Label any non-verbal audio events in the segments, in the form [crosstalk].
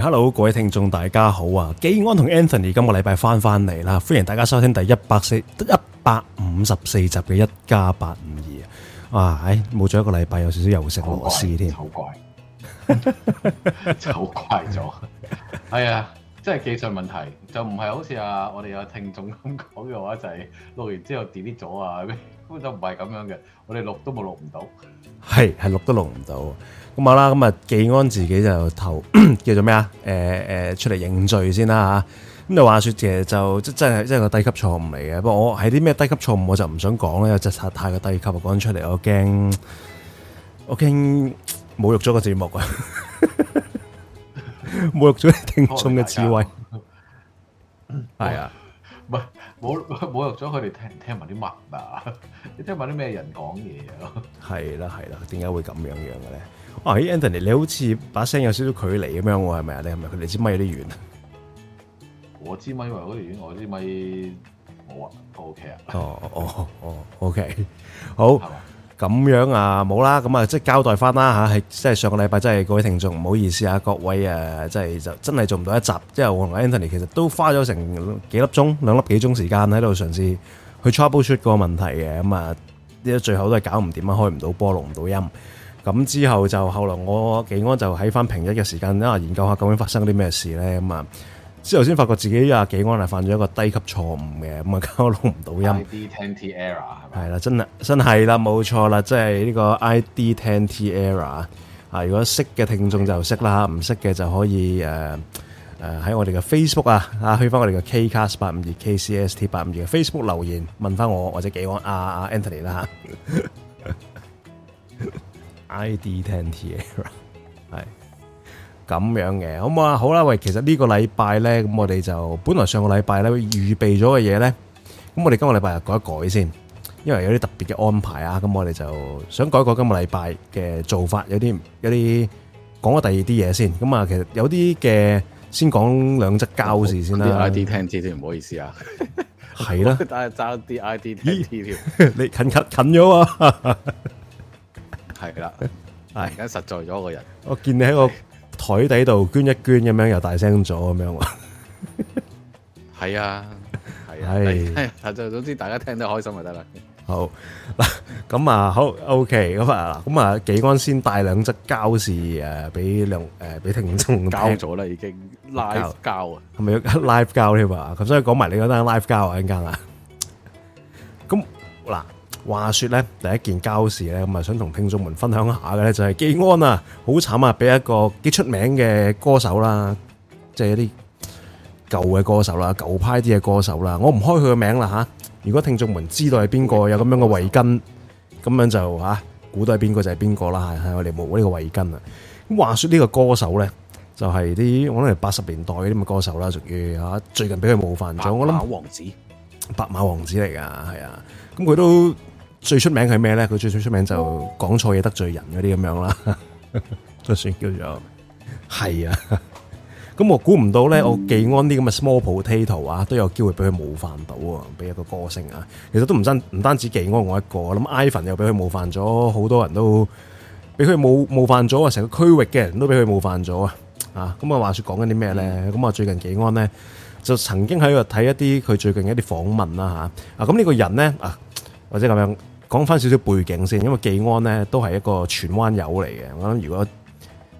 hello，各位聽眾，大家好啊！紀安同 Anthony 今個禮拜翻翻嚟啦，歡迎大家收聽第一百四一百五十四集嘅一加八五二啊！哇，唉，冇咗一個禮拜，有少少又食螺絲添，好怪，好怪咗，係 [laughs] 啊，真係技術問題，就唔係好似啊我哋有聽眾咁講嘅話，就係錄完之後 delete 咗啊，咁就唔係咁樣嘅，我哋錄都冇錄唔到，係係錄都錄唔到。咁啊啦，咁啊，紀安自己就投 [coughs] 叫做咩啊？誒、欸、誒、欸，出嚟認罪先啦吓。咁就話說其實就即真係即個低級錯誤嚟嘅。不過我係啲咩低級錯誤，我就唔想講咧。有實在太過低級，講出嚟我驚我驚侮辱咗個節目啊！ [laughs] 侮辱咗聽眾嘅智慧。係 [laughs] 是啊，唔係冇侮辱咗佢哋聽聽埋啲乜啊？ [laughs] 你聽埋啲咩人講嘢？係啦係啦，點解會咁樣樣嘅咧？喂、哦、Anthony 你好似把聲有少少距離咁樣喎，係咪啊？你係咪佢哋支咪有啲遠啊？我支咪話好似遠，我支咪冇啊，O，K 哦哦哦，O，K，好，咁樣啊，冇啦，咁啊，即係交代翻啦吓，係、啊、即係上個禮拜，即係各位聽眾，唔好意思啊，各位啊，即係就真係做唔到一集，即係我同 Anthony 其實都花咗成幾粒鐘、兩粒幾鐘時間喺度嘗試去 trouble shoot 個問題嘅，咁啊，呢最後都係搞唔掂啊，開唔到波，錄唔到音。咁之後就後來我幾安就喺翻平日嘅時間啊，研究下究竟發生啲咩事咧，咁啊，之後先發覺自己啊，幾安係犯咗一個低級錯誤嘅，咁啊，搞到錄唔到音。係啦，真啦，真係啦，冇錯啦，即係呢個 ID10T error 啊！如果識嘅聽眾就識啦，唔識嘅就可以誒誒，喺我哋嘅 Facebook 啊啊，去翻我哋嘅 K Cast 八五二 K C S T 八五二嘅 Facebook 留言問翻我或者幾安啊，阿、啊、Anthony 啦 [laughs] I D ten T error 係咁樣嘅，好唔好啊？好啦，喂，其實呢個禮拜咧，咁我哋就本來上個禮拜咧，預備咗嘅嘢咧，咁我哋今個禮拜就改一改先，因為有啲特別嘅安排啊，咁我哋就想改一改今個禮拜嘅做法，有啲有啲講咗第二啲嘢先，咁啊，其實有啲嘅先講兩則交事先啦。I D ten T T 唔好意思啊，係啦，但係爭啲 I D ten T T，你近近近咗啊。係啦，係而家實在咗個人。我見你喺我個台底度捐一捐咁樣，又大聲咗咁樣喎。係啊，係係，就總之大家聽得開心就得啦。好嗱，咁啊好，OK，咁啊咁啊，幾安先帶兩隻膠是誒，俾兩誒俾聽眾交咗啦，已經 live 膠啊，係咪 live 膠添啊？咁所以講埋你嗰單 live 膠啊，陣間啊。話說咧，第一件交事咧，咁啊想同聽眾們分享一下嘅咧，就係紀安啊，好慘啊，俾一個幾出名嘅歌手啦，即係一啲舊嘅歌手啦，舊派啲嘅歌手啦，我唔開佢個名啦吓、啊。如果聽眾們知道係邊個有咁樣嘅慧根，咁樣就吓、啊、估到係邊個就係邊個啦，係我哋冇呢個慧根啊。咁話說呢個歌手咧，就係、是、啲我諗係八十年代啲咁嘅歌手啦，屬於吓最近俾佢冒犯咗，我諗白馬王子，白馬王子嚟噶，係啊，咁佢都。最出名係咩咧？佢最最出名就講錯嘢得罪人嗰啲咁樣啦， [laughs] [laughs] 都算叫做係啊。 [laughs] 咁我估唔到咧，我紀安啲咁嘅 small potato 啊，都有機會俾佢冒犯到啊，俾一個歌星啊。其實都唔單唔單止紀安我一個，咁 Ivan 又俾佢冒犯咗，好多人都俾佢冒冒犯咗啊！成個區域嘅人都俾佢冒犯咗啊！啊，咁啊，話說講緊啲咩咧？咁啊，最近紀安咧就曾經喺度睇一啲佢最近嘅一啲訪問啦吓啊！咁呢個人咧啊，或者咁樣。講翻少少背景先，因為技安呢都係一個荃灣友嚟嘅。我諗如果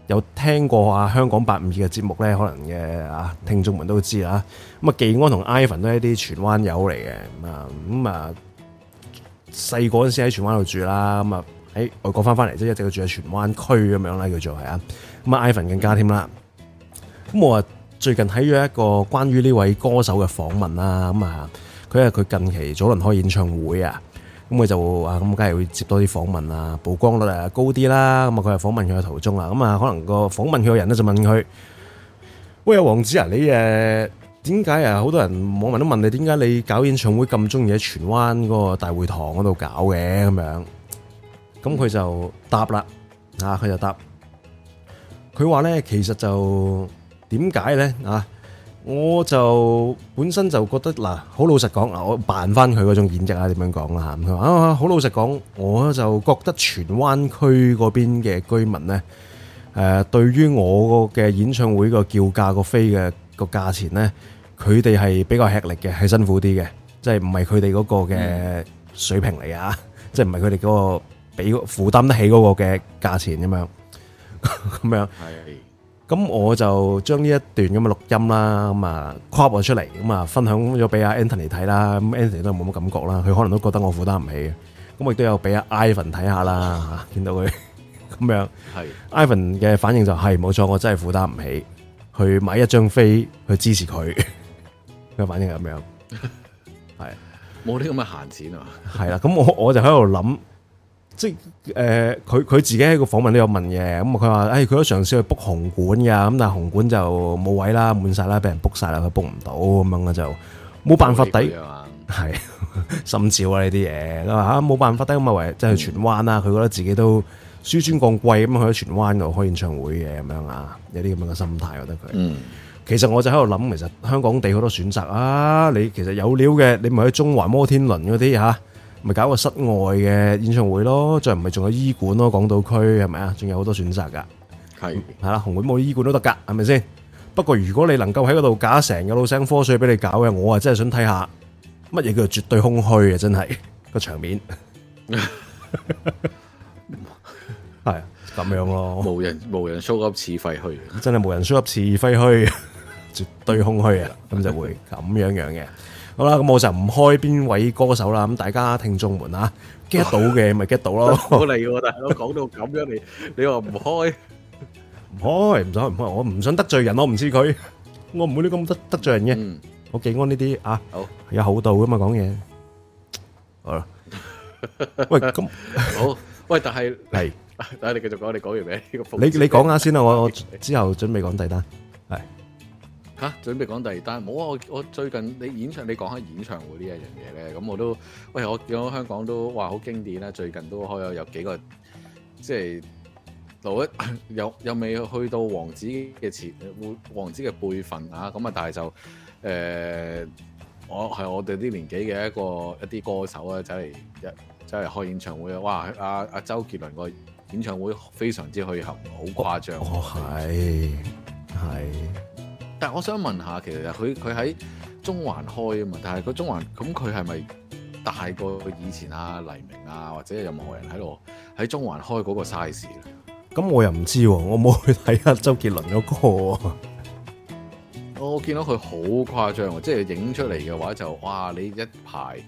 有聽過啊香港八五二嘅節目咧，可能嘅啊聽眾們都知啦。咁啊技安同 Ivan 都係一啲荃灣友嚟嘅啊，咁啊，細個嗰陣時喺荃灣度住啦，咁啊喺外國翻翻嚟，即係一直都住喺荃灣區咁樣啦，叫做係啊。咁啊 Ivan 更加添啦。咁我最近睇咗一個關於呢位歌手嘅訪問啦，咁啊佢係佢近期早輪開演唱會啊。咁佢就啊，咁梗係會接多啲訪問啊，曝光率啊高啲啦。咁啊，佢係訪問佢嘅途中啊，咁啊，可能個訪問佢嘅人咧就問佢：喂，王子啊，你誒，點解啊？好多人網民都問你，點解你搞演唱會咁中意喺荃灣嗰個大會堂嗰度搞嘅咁樣？咁佢就答啦，啊，佢就答，佢話咧，其實就點解咧啊？我就本身就覺得嗱，好老實講我扮翻佢嗰種演繹啊，點樣講啦吓啊，好老實講，我就覺得荃灣區嗰邊嘅居民呢，誒，對於我嘅演唱會個叫價個飛嘅個價錢呢，佢哋係比較吃力嘅，係辛苦啲嘅，即係唔係佢哋嗰個嘅水平嚟啊，嗯、即係唔係佢哋嗰個俾負擔得起嗰個嘅價錢咁樣，咁樣。咁我就將呢一段咁嘅錄音啦，咁啊跨 u 出嚟，咁、嗯、啊，分享咗俾阿 Anthony 睇啦，咁、嗯、Anthony 都冇乜感覺啦，佢可能都覺得我負擔唔起嘅，咁我亦都有俾阿 Ivan 睇下啦，見 [laughs] 到佢咁樣，係 Ivan 嘅反應就係、是、冇錯，我真係負擔唔起去買一張飛去支持佢，佢 [laughs] 反應係咁樣，係冇啲咁嘅閒錢啊，係、嗯、啦，咁我我就喺度諗。即係誒，佢佢自己喺個訪問都有問嘅，咁啊佢話：誒，佢都嘗試去 book 紅館嘅，咁但係紅館就冇位啦，滿曬啦，俾人 book 曬啦，佢 book 唔到咁樣啦，就冇辦法抵，係心照啦呢啲嘢。佢話嚇冇辦法抵，咁啊為即係荃灣啦，佢覺得自己都紆尊降貴咁，去咗荃灣度開演唱會嘅咁樣啊，有啲咁樣嘅心態，我覺得佢。嗯，其實我就喺度諗，其實香港地好多選擇啊，你其實有料嘅，你咪去中環摩天輪嗰啲嚇。咪搞個室外嘅演唱會咯，再唔係仲有醫館咯，港島區係咪啊？仲有好多選擇噶，係係啦，紅館冇醫館都得噶，係咪先？不過如果你能夠喺嗰度假成個老聲科水俾你搞嘅，我啊真係想睇下乜嘢叫做絕對空虛啊！真係個場面係咁 [laughs] [laughs] [laughs] 樣咯，無人無人 show up 似廢墟的，真係無人 show up 似廢墟，絕對空虛啊！咁就會咁樣樣嘅。.好啦，咁我就唔開邊位歌手啦。咁大家聽眾們啊，get 到嘅咪 get 到咯。好嚟，大佬講到咁樣你，你話唔開唔開唔想唔開，我唔想得罪人，我唔知佢，我唔會啲咁得得罪人嘅。我敬安呢啲啊，有厚道噶嘛講嘢。好啦，喂咁好，喂但係係，但係你繼續講，你講完未？你你講下先啊，我我之後準備講第單係。嚇、啊！準備講第二單，冇啊！我我最近你演唱，你講下演唱會呢一樣嘢咧，咁我都，喂！我見到香港都哇好經典啦，最近都開有幾個，即係老一，又又未去到王子嘅前，王子嘅輩份啊！咁啊，但係就誒、呃，我係我哋啲年紀嘅一個一啲歌手咧，真係走嚟開演唱會啊！哇！阿、啊、阿周杰倫個演唱會非常之墟冚，好誇張。哦，係係。是但我想問下，其實佢佢喺中環開啊嘛，但係佢中環，咁佢係咪大過以前啊黎明啊或者任何人喺度喺中環開嗰個 size 咁、嗯、我又唔知喎，我冇去睇下周杰倫嗰、嗰個。 [laughs] 我見到佢好誇張啊，即係影出嚟嘅話就哇，你一排。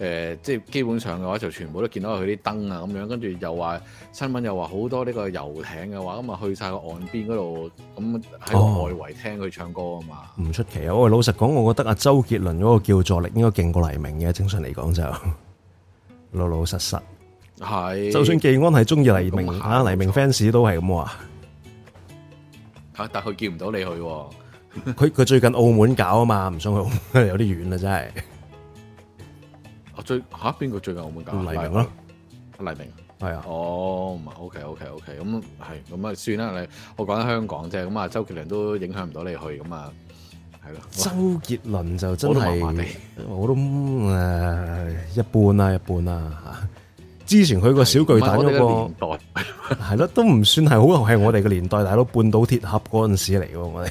誒，即係基本上嘅話就全部都見到佢啲燈啊咁樣，跟住又話新聞又話好多呢個遊艇嘅話，咁啊去曬個岸邊嗰度，咁喺外圍聽佢唱歌啊嘛。唔出奇啊！我老實講，我覺得阿周杰倫嗰個叫座力應該勁過黎明嘅。正常嚟講就老老實實，係就算技安係中意黎明嚇，黎明 fans 都係咁啊嚇，但係佢叫唔到你去，佢佢最近澳門搞啊嘛，唔想去澳門，有啲遠啦真係。最嚇邊、啊、個最近澳門搞黎明咯，黎明係啊，哦、啊，唔係、啊 oh，OK OK OK，咁係，咁啊算啦，你我講緊香港啫，咁啊周杰倫都影響唔到你去，咁啊係咯，周杰倫就真係我，我都誒一般啦，一般啦嚇，之前佢個小巨蛋嗰、那個年代係咯， [laughs] 都唔算係好係我哋嘅年代，大佬半島鐵盒嗰陣時嚟喎，我哋。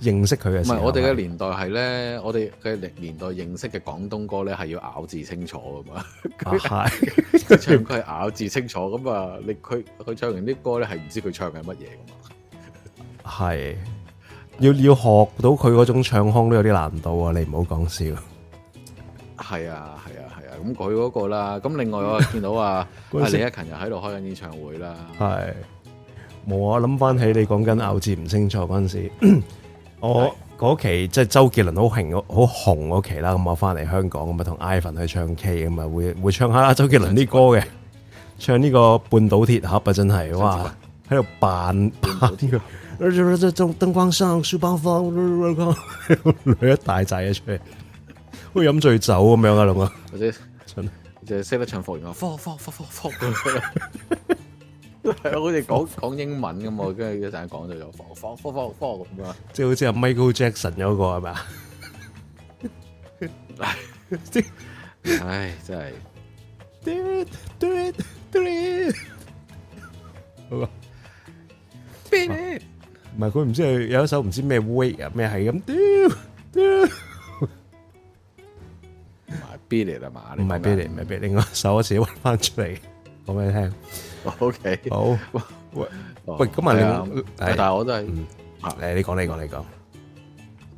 認識佢嘅時候，唔係我哋嘅年代係咧，我哋嘅歷年代認識嘅廣東歌咧係要咬字清楚噶嘛，係唱佢咬字清楚咁啊！你佢佢唱完啲歌咧係唔知佢唱緊乜嘢噶嘛，係要要學到佢嗰種唱腔都有啲難度啊！你唔好講笑，係啊係啊係啊！咁佢嗰個啦，咁另外我見到啊啊李克勤又喺度開緊演唱會啦，係，我諗翻起你講緊咬字唔清楚嗰陣時。我嗰期即係周杰倫好興好紅嗰期啦，咁我翻嚟香港咁啊，同 Ivan 去唱 K 咁啊，會會唱下周杰倫啲歌嘅，唱呢個半島鐵盒啊，真係哇！喺度扮，燈光生，書 [laughs] 包、就是、 [laughs] 放，攞一大紮嘢出嚟，好似飲醉酒咁樣啊，龍啊！或者唱就識得唱《場服務係咯，好似講講英文咁啊，跟住成日講就就方方方方方咁啊，即係好似阿 Michael Jackson 嗰個係咪啊？唉，真係。Do it, do it, do it！唔係佢唔知係有一首唔知咩 Wait 啊咩係咁丟丟。唔係 Billie 啊嘛，唔係 Billie，唔係 Billie，另外一首我自己搵翻出嚟講俾你聽。O、okay. K，好喂喂，咁、哦、啊，你、哎、但我都係，誒、嗯，你講你講你講，唔、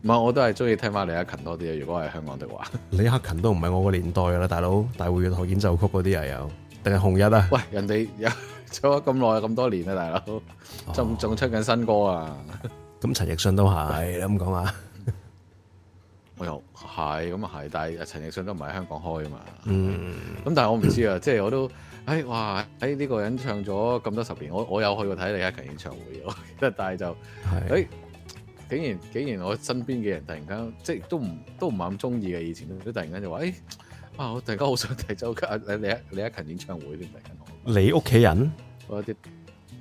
嗯、係我都係中意聽返李克勤多啲啊。如果係香港的話，李克勤都唔係我個年代噶啦，大佬，大匯樂台演奏曲嗰啲又有，定係紅日啊？喂，人哋有唱咗咁耐，咁多年啊，大佬，仲仲出緊新歌啊？咁、哦、陳 [laughs] 奕迅都係，咁講啊？我又係咁啊係，但係陳奕迅都唔係喺香港開啊嘛。嗯，咁但係我唔知啊， [coughs] 即係我都，哎哇，哎呢、呢個人唱咗咁多十年，我我有去過睇李克勤演唱會，但係就，哎，竟然竟然我身邊嘅人突然間，即係都唔都唔係咁中意嘅以前，都突然間就話，哎，啊我突然間好想睇周克啊李李，李克勤演唱會你屋企人，我啲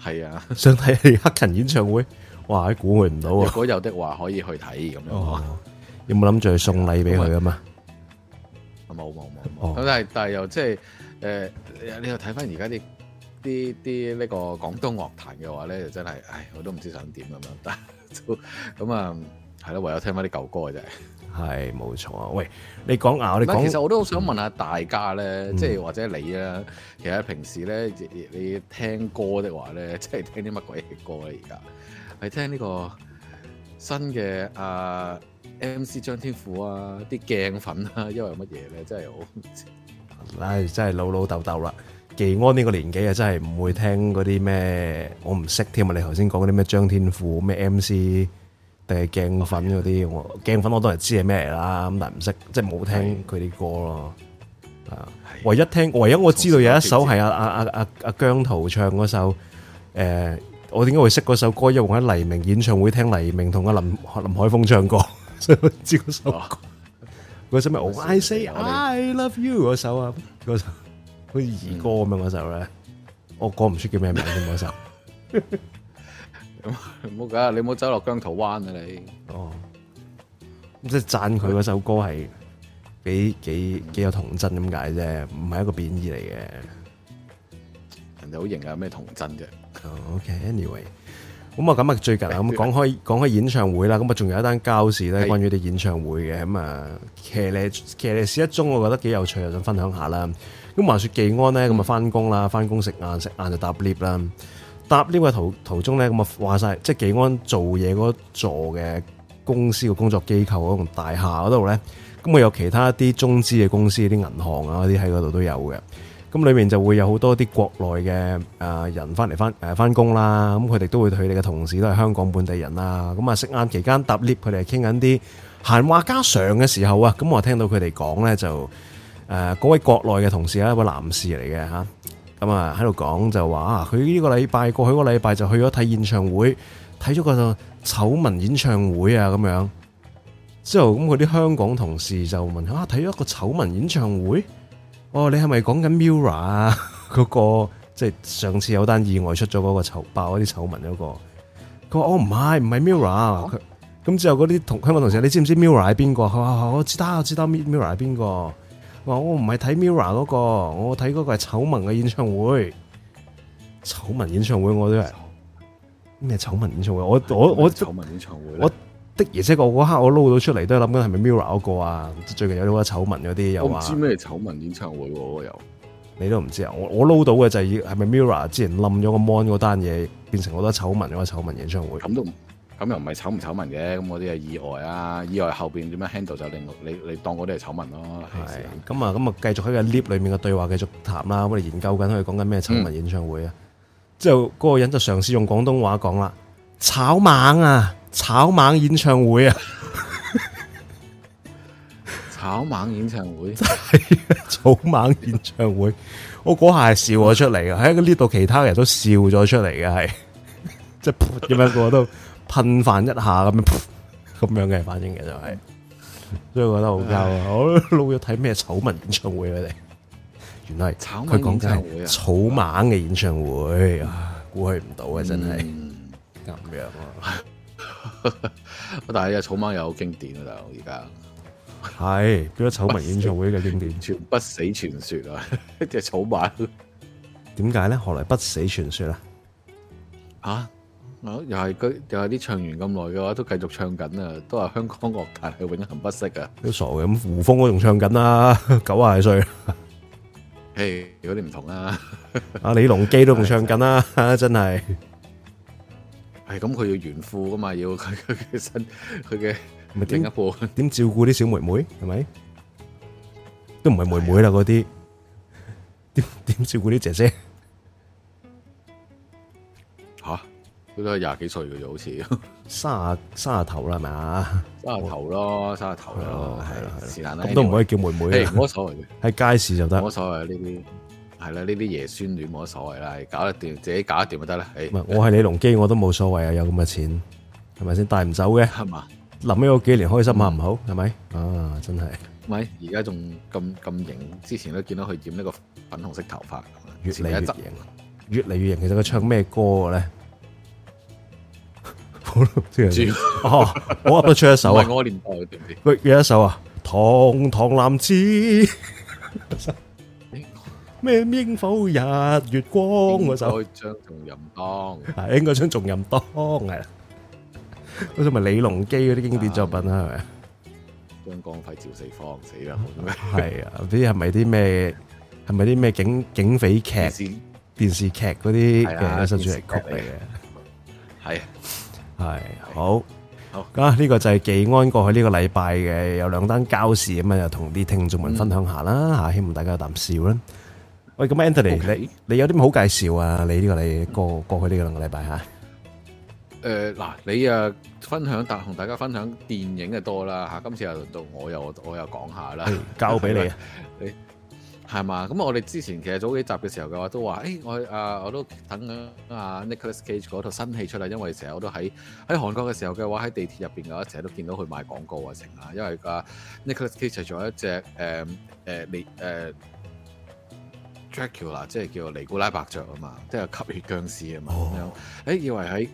係啊， [laughs] 想睇李克勤演唱會，哇，估佢唔到啊！如果有的話，可以去睇咁樣。哦。有冇諗住去送禮俾佢啊？嘛，冇冇冇冇。咁但係但係又即係誒，你又睇翻而家啲啲啲呢個廣東樂壇嘅話咧，就真係，唉，我都唔知想點咁樣，但係都咁啊，係咯，唯有聽翻啲舊歌嘅啫。係冇錯啊！喂，你講啊，我哋講。其實我都好想問下大家咧，即係或者你啊，其實平時咧，亦亦你聽歌的話咧，即係聽啲乜鬼嘢歌啊？而家係聽呢個新嘅啊？M.C. 張天賦啊，啲鏡粉啊，因為乜嘢咧？真係我唔知。唉，真係老老豆豆啦。技安呢個年紀啊，真係唔會聽嗰啲咩，我唔識添啊。你頭先講嗰啲咩張天賦，咩 M.C. 定係鏡粉嗰啲，我鏡粉我當然知係咩啦。咁但係唔識，即係冇聽佢啲歌咯。啊，唯一聽，唯一我知道有一首係阿阿阿阿阿姜濤唱嗰首。誒，我點解會識嗰首歌？因為我喺黎明演唱會聽黎明同阿林林海峯唱歌。招手嗰首咩、oh, oh？I say、you. I love you 嗰首啊，嗰首好似兒歌咁樣嗰首咧，我講唔出叫咩名添首。唔、嗯、好噶，嗯、 [laughs] 那首 [laughs] 你唔好走落姜濤灣啊！你哦，oh, 即係讚佢嗰首歌係幾幾幾有童真咁解啫，唔係一個貶義嚟嘅。人哋好型啊，有咩童真啫 okay, anyway。咁啊，咁啊，最近啊，咁講開講開演唱會啦，咁啊，仲有一單交涉咧，關於啲演唱會嘅，咁啊、嗯，騎呢騎呢士一中，我覺得幾有趣啊，想分享一下、嗯、啦。咁話說紀安咧，咁啊，翻工啦，翻工食晏食晏就搭 lift 啦，搭 lift 嘅途途中咧，咁啊話晒，即係紀安做嘢嗰座嘅公司嘅工作機構嗰棟大廈嗰度咧，咁啊有其他一啲中資嘅公司、啲銀行啊嗰啲喺嗰度都有嘅。咁裏面就會有好多啲國內嘅誒人翻嚟翻誒翻工啦，咁佢哋都會佢哋嘅同事都係香港本地人啦，咁啊食晏期間搭 lift，佢哋係傾緊啲閒話家常嘅時候啊，咁我聽到佢哋講呢就誒，嗰位國內嘅同事呢，個男士嚟嘅嚇，咁啊喺度講就話啊，佢呢個禮拜過去個禮拜就去咗睇演唱會，睇咗個醜聞演唱會啊咁樣，之後咁佢啲香港同事就問啊，睇咗一個醜聞演唱會？哦，你係咪講緊 MIRROR [laughs] 啊、那個？嗰個即係上次有單意外出咗嗰個醜爆嗰啲醜聞嗰個？佢話我唔係，唔係 MIRROR，咁之後嗰啲同香港同事，你知唔知 MIRROR 係邊個？我知道，我知道 MIRROR 係邊個？話我唔係睇 MIRROR，那、嗰個，我睇嗰個係醜聞嘅演唱會。醜聞演唱會，我都係咩醜聞演唱會？我我我醜聞演唱會。的而且確，我嗰刻我撈到出嚟都係諗緊係咪 mirror 嗰個啊？最近有好多醜聞嗰啲又話，唔知咩醜聞演唱會喎，又你都唔知啊？我我撈到嘅就係係咪 mirror 之前冧咗個 Mon 嗰單嘢，變成好多醜聞嗰個醜聞演唱會。咁都咁又唔係醜唔醜聞嘅，咁嗰啲係意外啊！意外後邊點樣 handle 就令你你當嗰啲係醜聞咯。係咁啊，咁啊，就繼續喺個 live 裏面嘅對話繼續談啦。我哋研究緊佢講緊咩醜聞演唱會啊。嗯、之後嗰個人就嘗試用廣東話講啦。炒猛啊！炒猛演唱會啊！炒猛演唱會 [laughs] 真係、 [laughs] [laughs] 就是就是、 [laughs] 草蜢演唱會、啊，我嗰下係笑咗出嚟噶，喺呢度其他人都笑咗出嚟嘅，係即係咁樣，我都噴飯一下咁樣咁樣嘅反應嘅就係，所以我覺得好搞笑，我老咗睇咩醜聞演唱會佢哋，原來係佢講緊草蜢嘅演唱會啊，估佢唔到啊，真係。咁咩啊 [laughs] 但係隻草蜢又好經典啊！而家係嗰啲醜聞演唱會嘅經典，全不死傳說啊！隻草蜢點解咧？何來不死傳說啊？吓、啊？又係又係啲唱完咁耐嘅話都繼續唱緊啊！都話香港樂壇係永恆不息啊！都傻嘅咁，胡楓都仲唱緊啦，九廿歲。嘿，如果你唔同啊，阿 [laughs] 李龍基都仲唱緊啦、啊，真係。係咁，佢要炫富噶嘛，要佢佢嘅身，佢嘅另一部點照顧啲小妹妹係咪？都唔係妹妹啦，嗰啲點點照顧啲姐姐？吓，佢都係廿幾歲嘅啫，好似三呀三呀頭啦，係咪啊？三呀頭咯，三呀頭咯，係咯係咯。咁都唔可以叫妹妹，係冇所謂嘅。喺街市就得，冇所謂嘅呢啲。係啦，呢啲爺孫戀冇乜所謂啦，搞得掂自己搞得掂就得啦。唔係，我係李隆基，我都冇所謂啊！有咁嘅錢，係咪先帶唔走嘅？係嘛，諗咗幾年開心下唔好，係咪？啊，真係，唔係而家仲咁咁型，之前都見到佢染呢個粉紅色頭髮，越嚟越型，越嚟越型。其實佢唱咩歌咧？好，轉哦，我阿哥唱一首啊，我連隊，佢唱一首啊，堂堂男子。咩？應否日月光嗰首？應該將重任當，應該將重任當啊！嗰首咪李龍基嗰啲經典作品啦，係咪？張光輝照四方，死啦！係啊，啲係咪啲咩？係咪啲咩警警匪劇電視劇嗰啲嘅一首主題曲嚟嘅？係係好，好咁啊！呢個就係紀安過去呢個禮拜嘅，有兩單交涉咁啊，就同啲聽眾們分享下啦吓，希望大家有啖笑啦。喂，咁 Anthony，你你有啲咩好介紹啊？你呢個你過過去呢個兩個禮拜吓？誒，嗱，你啊分享，同大家分享電影嘅多啦吓。今次又輪到我又我又講下啦，交俾你，你係嘛？咁啊，我哋之前其實早幾集嘅時候嘅話，都話誒，我啊，我都等啊 Nicholas Cage 嗰套新戲出嚟。因為成日我都喺喺韓國嘅時候嘅話，喺地鐵入邊嘅話，成日都見到佢賣廣告啊成啊。因為阿 Nicholas Cage 仲有一隻誒誒，你誒。Dracula 即係叫尼古拉伯爵啊嘛，即係吸血僵屍啊嘛咁樣、哦。誒，以為喺，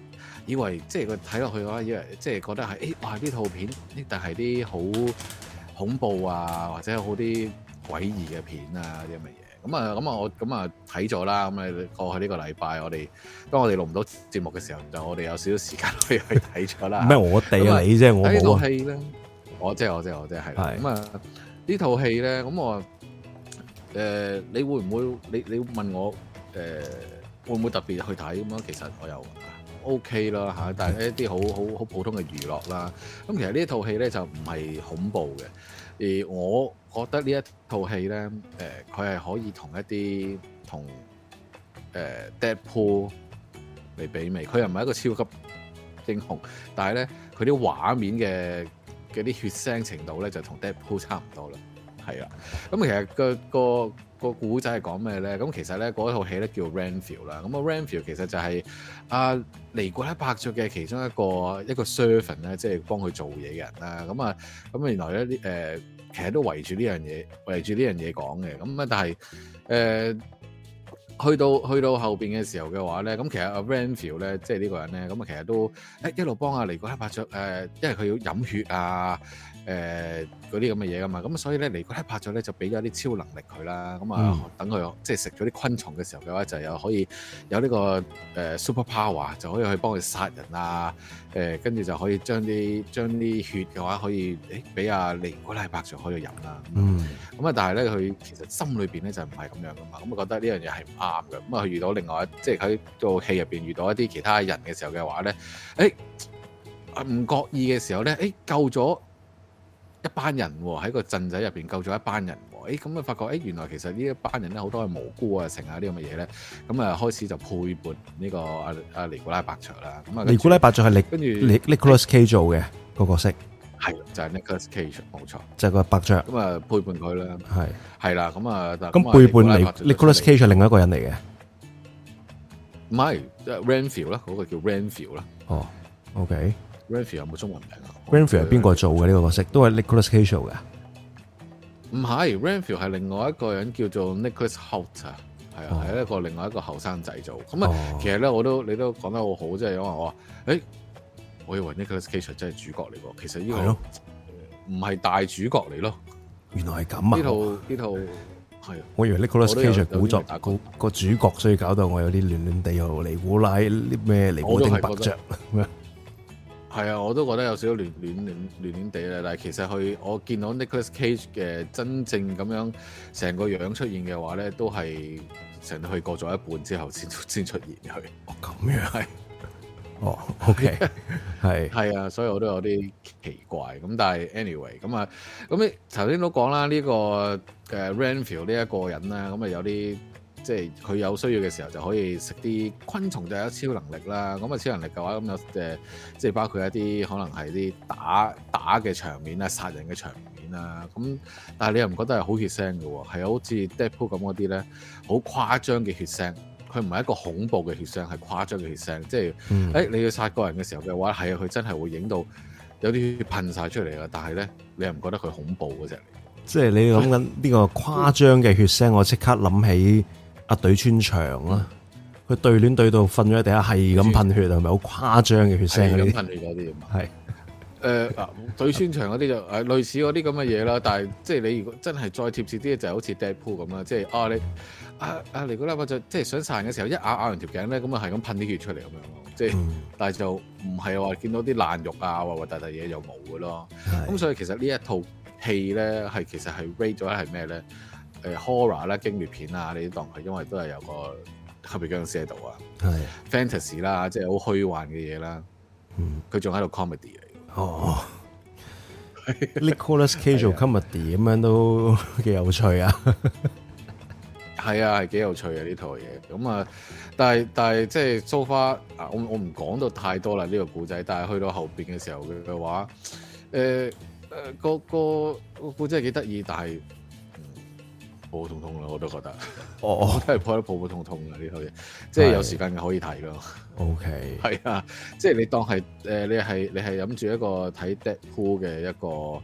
以為即係佢睇落去嘅話，以為即係覺得係誒，哇！呢套片，但係啲好恐怖啊，或者好啲詭異嘅片啊啲乜嘢。咁啊，咁、嗯、啊，我咁啊睇咗啦。咁、嗯、啊、嗯嗯嗯嗯嗯嗯，過去呢個禮拜，我哋當我哋錄唔到節目嘅時候，就我哋有少少時間可以去睇咗啦。咩、 [laughs] 啊嗯？我哋啊，你啫，我我，我，我,、嗯嗯呢嗯、我。誒，套戲啦。我即係我即係我即係。係。咁啊，呢套戲咧，咁我。誒、呃，你會唔會？你你問我誒、呃，會唔會特別去睇咁啊？其實我又 OK 啦嚇，但係一啲好好好普通嘅娛樂啦。咁、嗯、其實這呢一套戲咧就唔係恐怖嘅，而我覺得這呢一套戲咧誒，佢、呃、係可以同一啲同誒 Deadpool 嚟比美。佢又唔係一個超級英雄，但係咧佢啲畫面嘅嗰啲血腥程度咧就同 Deadpool 差唔多啦。係啊，咁其實個個個古仔係講咩咧？咁其實咧嗰套戲咧叫 Renfield 啦。咁啊，Renfield 其實就係阿尼古拉伯爵嘅其中一個一個 servant 咧，即係幫佢做嘢嘅人啦。咁啊，咁原來咧啲誒，其實都圍住呢樣嘢，圍住呢樣嘢講嘅。咁啊，但係誒，去到去到後邊嘅時候嘅話咧，咁其實阿 Renfield 咧，即係呢個人咧，咁啊，其實都一一路幫阿尼古拉伯爵誒，因為佢要飲血啊。誒嗰啲咁嘅嘢噶嘛，咁所以咧尼古拉伯爵咧就俾咗啲超能力佢啦，咁、嗯、啊等佢即係食咗啲昆蟲嘅時候嘅話就又可以有呢、這個誒、呃、super power，就可以去幫佢殺人啊！誒跟住就可以將啲將啲血嘅話可以誒俾阿尼古拉伯爵可以飲啦、啊。嗯，咁啊但係咧佢其實心裏邊咧就唔係咁樣噶嘛，咁啊覺得呢樣嘢係唔啱嘅，咁啊佢遇到另外一即係喺個戲入邊遇到一啲其他人嘅時候嘅話咧，誒唔覺意嘅時候咧誒救咗。一班人喎喺個鎮仔入邊救咗一班人喎，誒咁啊，發覺誒原來其實呢一班人咧好多係無辜啊剩下啲咁嘅嘢咧，咁啊開始就背叛呢個阿阿尼古拉伯爵啦，咁啊尼古拉伯爵係跟住尼 Nicholas Cage 做嘅個角色，係就係 Nicholas Cage，冇錯就係個伯爵。咁啊背叛佢啦，係係啦咁啊，咁背叛你 Nicholas Cage 係另外一個人嚟嘅，唔係即係 Renfield 啦，嗰個叫 Renfield 啦，哦，OK。Renfield 有冇中文名啊？Renfield 係邊個做嘅呢、這個角色？都係 Nicholas Cage 嘅。唔係，Renfield 係另外一個人叫做 Nicholas Holt 啊、oh。係啊，係一個另外一個後生仔做。咁啊，其實咧我都你都講得好好，即係因為我話誒，我以為 Nicholas Cage 真係主角嚟嘅，其實呢、這個係咯，唔係、呃、大主角嚟咯。原來係咁啊！呢套呢套係。我以為 Nicholas Cage 古作個個主角，所以搞到我有啲亂亂地，又尼古拉咩尼古丁白爵 [laughs] 係啊，我都覺得有少少亂亂亂亂亂地啦。但係其實佢我見到 Nicholas Cage 嘅真正咁樣成個樣出現嘅話咧，都係成到佢過咗一半之後先先出現佢。哦，咁樣係 [laughs] 哦，OK 係係 [laughs] 啊，所以我都有啲奇怪咁。但係 anyway 咁啊，咁你頭先都講啦，呢、呢個誒 Renfield 呢一個人咧，咁啊有啲。即係佢有需要嘅時候就可以食啲昆蟲就有超能力啦。咁啊超能力嘅話咁有誒，即係包括一啲可能係啲打打嘅場面啊、殺人嘅場面啊。咁但係你又唔覺得係好血腥嘅喎？係好似 Deadpool 咁嗰啲咧，好誇張嘅血腥。佢唔係一個恐怖嘅血腥，係誇張嘅血腥。即係誒、嗯哎，你要殺個人嘅時候嘅話，係啊，佢真係會影到有啲血噴晒出嚟啊。但係咧，你又唔覺得佢恐怖嗰隻？即係你諗緊呢個誇張嘅血腥， [laughs] 我即刻諗起。阿懟穿牆啦，佢對戀對到瞓咗喺地下，係咁噴血，係咪好誇張嘅血腥嗰啲？係咁噴血嗰啲嘛？係，誒、呃，懟穿牆嗰啲就係類似嗰啲咁嘅嘢啦。但係即係你如果真係再貼切啲，就係好似 Deadpool 咁啦。即係啊，你啊啊尼古拉伯爵即係想散嘅時候，一咬一咬，一咬完條頸咧，咁啊係咁噴啲血出嚟咁樣咯。即係、嗯，但係就唔係話見到啲爛肉啊，或或大大嘢又冇噶咯。咁所以其實呢一套戲咧，係其實係 rate 咗係咩咧？誒 horror 啦，驚悚片啊，你啲當佢，因為都係有、那個殭屍喺度啊。係 fantasy 啦、嗯哦 [laughs] 啊 [laughs] 啊嗯，即係好虛幻嘅嘢啦。佢仲喺度 comedy 嚟。哦 Nicolas Cage 做 comedy 咁樣都幾有趣啊！係啊，係幾有趣啊！呢套嘢咁啊，但係但係即係 so far 啊，我我唔講到太多啦呢、呢個故仔，但係去到後邊嘅時候嘅話，誒、呃、誒個個,個故仔係幾得意，但係。普普通通咯，我都覺得，我都係睇得普普通通嘅呢套嘢，即係有時間嘅可以睇咯。OK，係啊，即係你當係誒，你係你係諗住一個睇 Deadpool 嘅一個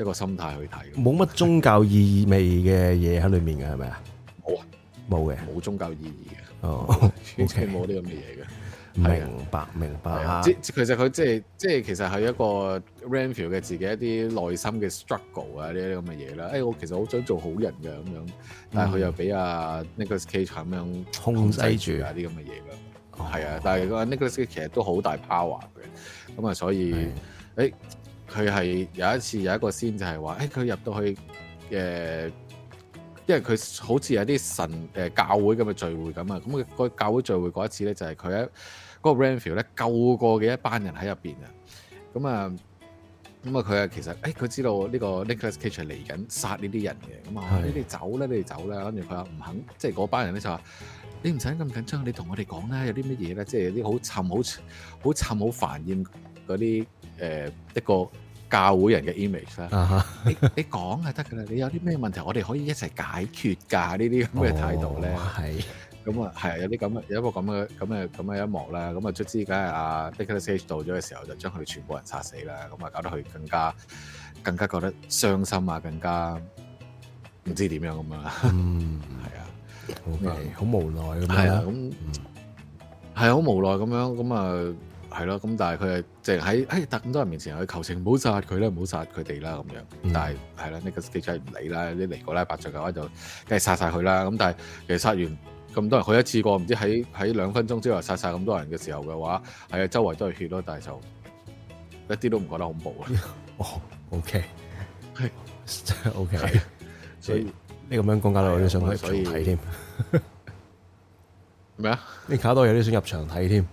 一個心態去睇，冇乜宗教意味嘅嘢喺裡面嘅係咪啊？冇啊，冇嘅，冇宗教意義嘅，哦，OK，冇啲咁嘅嘢嘅。明白、啊、明白即、啊啊、其實佢即即其實係一個 Renfield 嘅自己一啲內心嘅 struggle 啊，呢啲咁嘅嘢啦。誒，我其實好想做好人嘅咁樣，但係佢又俾阿 Nicolas Cage 咁樣控制住啊啲咁嘅嘢咯。係啊，哦、但係個 Nicolas Cage 其實都好大 power 嘅，咁啊，所以誒，佢係、哎、有一次有一個 scene 就係話，誒、哎，佢入到去誒、呃，因為佢好似有啲神誒、呃、教會咁嘅聚會咁啊，咁、那、佢個教會聚會嗰一次咧就係佢喺，那個 Renfield 咧救過嘅一班人喺入邊啊！咁、嗯、啊，咁、嗯、啊，佢、嗯、啊、嗯嗯、其實，誒、欸，佢知道呢個 Nicholas Cage 嚟緊殺呢啲人嘅，咁、嗯、啊，你哋走咧，你哋走啦。跟住佢話唔肯，即係嗰班人咧就話：你唔使咁緊張，你同我哋講啦，有啲乜嘢咧，即係啲好沉、好好沉、好煩厭嗰啲誒一個教會人嘅 image 啦、uh-huh. [laughs] 你你講啊得噶啦，你有啲咩問題，我哋可以一齊解決㗎。呢啲咁嘅態度咧。咁、嗯、啊，係啊，有啲咁嘅，有一個咁嘅咁嘅咁嘅一幕啦。咁、嗯、啊，卒之梗係啊 Nicolas Cage 到咗嘅時候，就將佢全部人殺死啦。咁、嗯、啊、嗯，搞得佢更加更加覺得傷心啊，更加唔知點樣咁啊。嗯，係、嗯、啊，好、嗯、啊，嗯、啊無奈、嗯嗯、啊，係啊，咁啊，好無奈咁樣。咁、嗯、啊，係、嗯、咯。咁但係佢啊，即係喺誒，但咁、哎、多人面前，去求情唔好殺佢啦，唔好殺佢哋啦。咁樣。嗯、但係係啦，Nicolas Cage 唔理啦，你嚟過啦，白丈嘅話就梗係殺晒佢啦。咁但係其實殺完。咁多人去一次過，唔知喺喺兩分鐘之後殺晒咁多人嘅時候嘅話，係啊，周圍都係血咯，但係就一啲都唔覺得恐怖啊。哦，OK，係真係 OK，所以呢咁樣講，加多有啲想入睇添。咩啊？呢卡多有啲想入場睇添。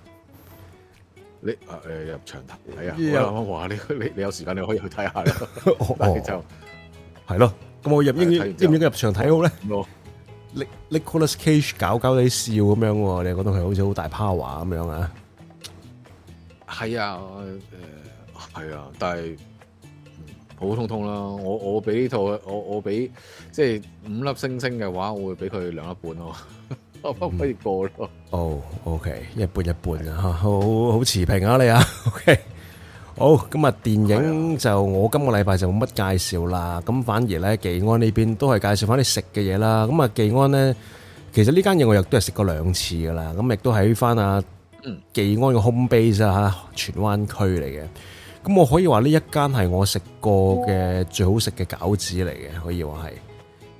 你誒，入場睇啊？我話你你你有時間你可以去睇下啦。哦，就係咯。咁我入應唔應應唔應該入場睇好咧？搦搦 c o r a 搞搞你笑咁樣喎，你覺得佢好似好大 power 咁樣啊？係、呃、啊，係啊，但係普、嗯、普通通啦。我我俾套我我即係五粒星星嘅話，我會俾佢兩粒半咯，我唔可以過咯。哦、嗯 oh,，OK，一半一半啊，好好持平啊，你啊，OK。好，咁啊，電影就我今個禮拜就冇乜介紹，介紹啦。咁反而咧，記安呢邊都係介紹翻啲食嘅嘢啦。咁啊，記安咧，其實呢間嘢我亦都係食過兩次噶啦。咁亦都喺翻啊，記安嘅 home base 啊，哈，荃灣區嚟嘅。咁我可以話呢一間係我食過嘅最好食嘅餃子嚟嘅，可以話係。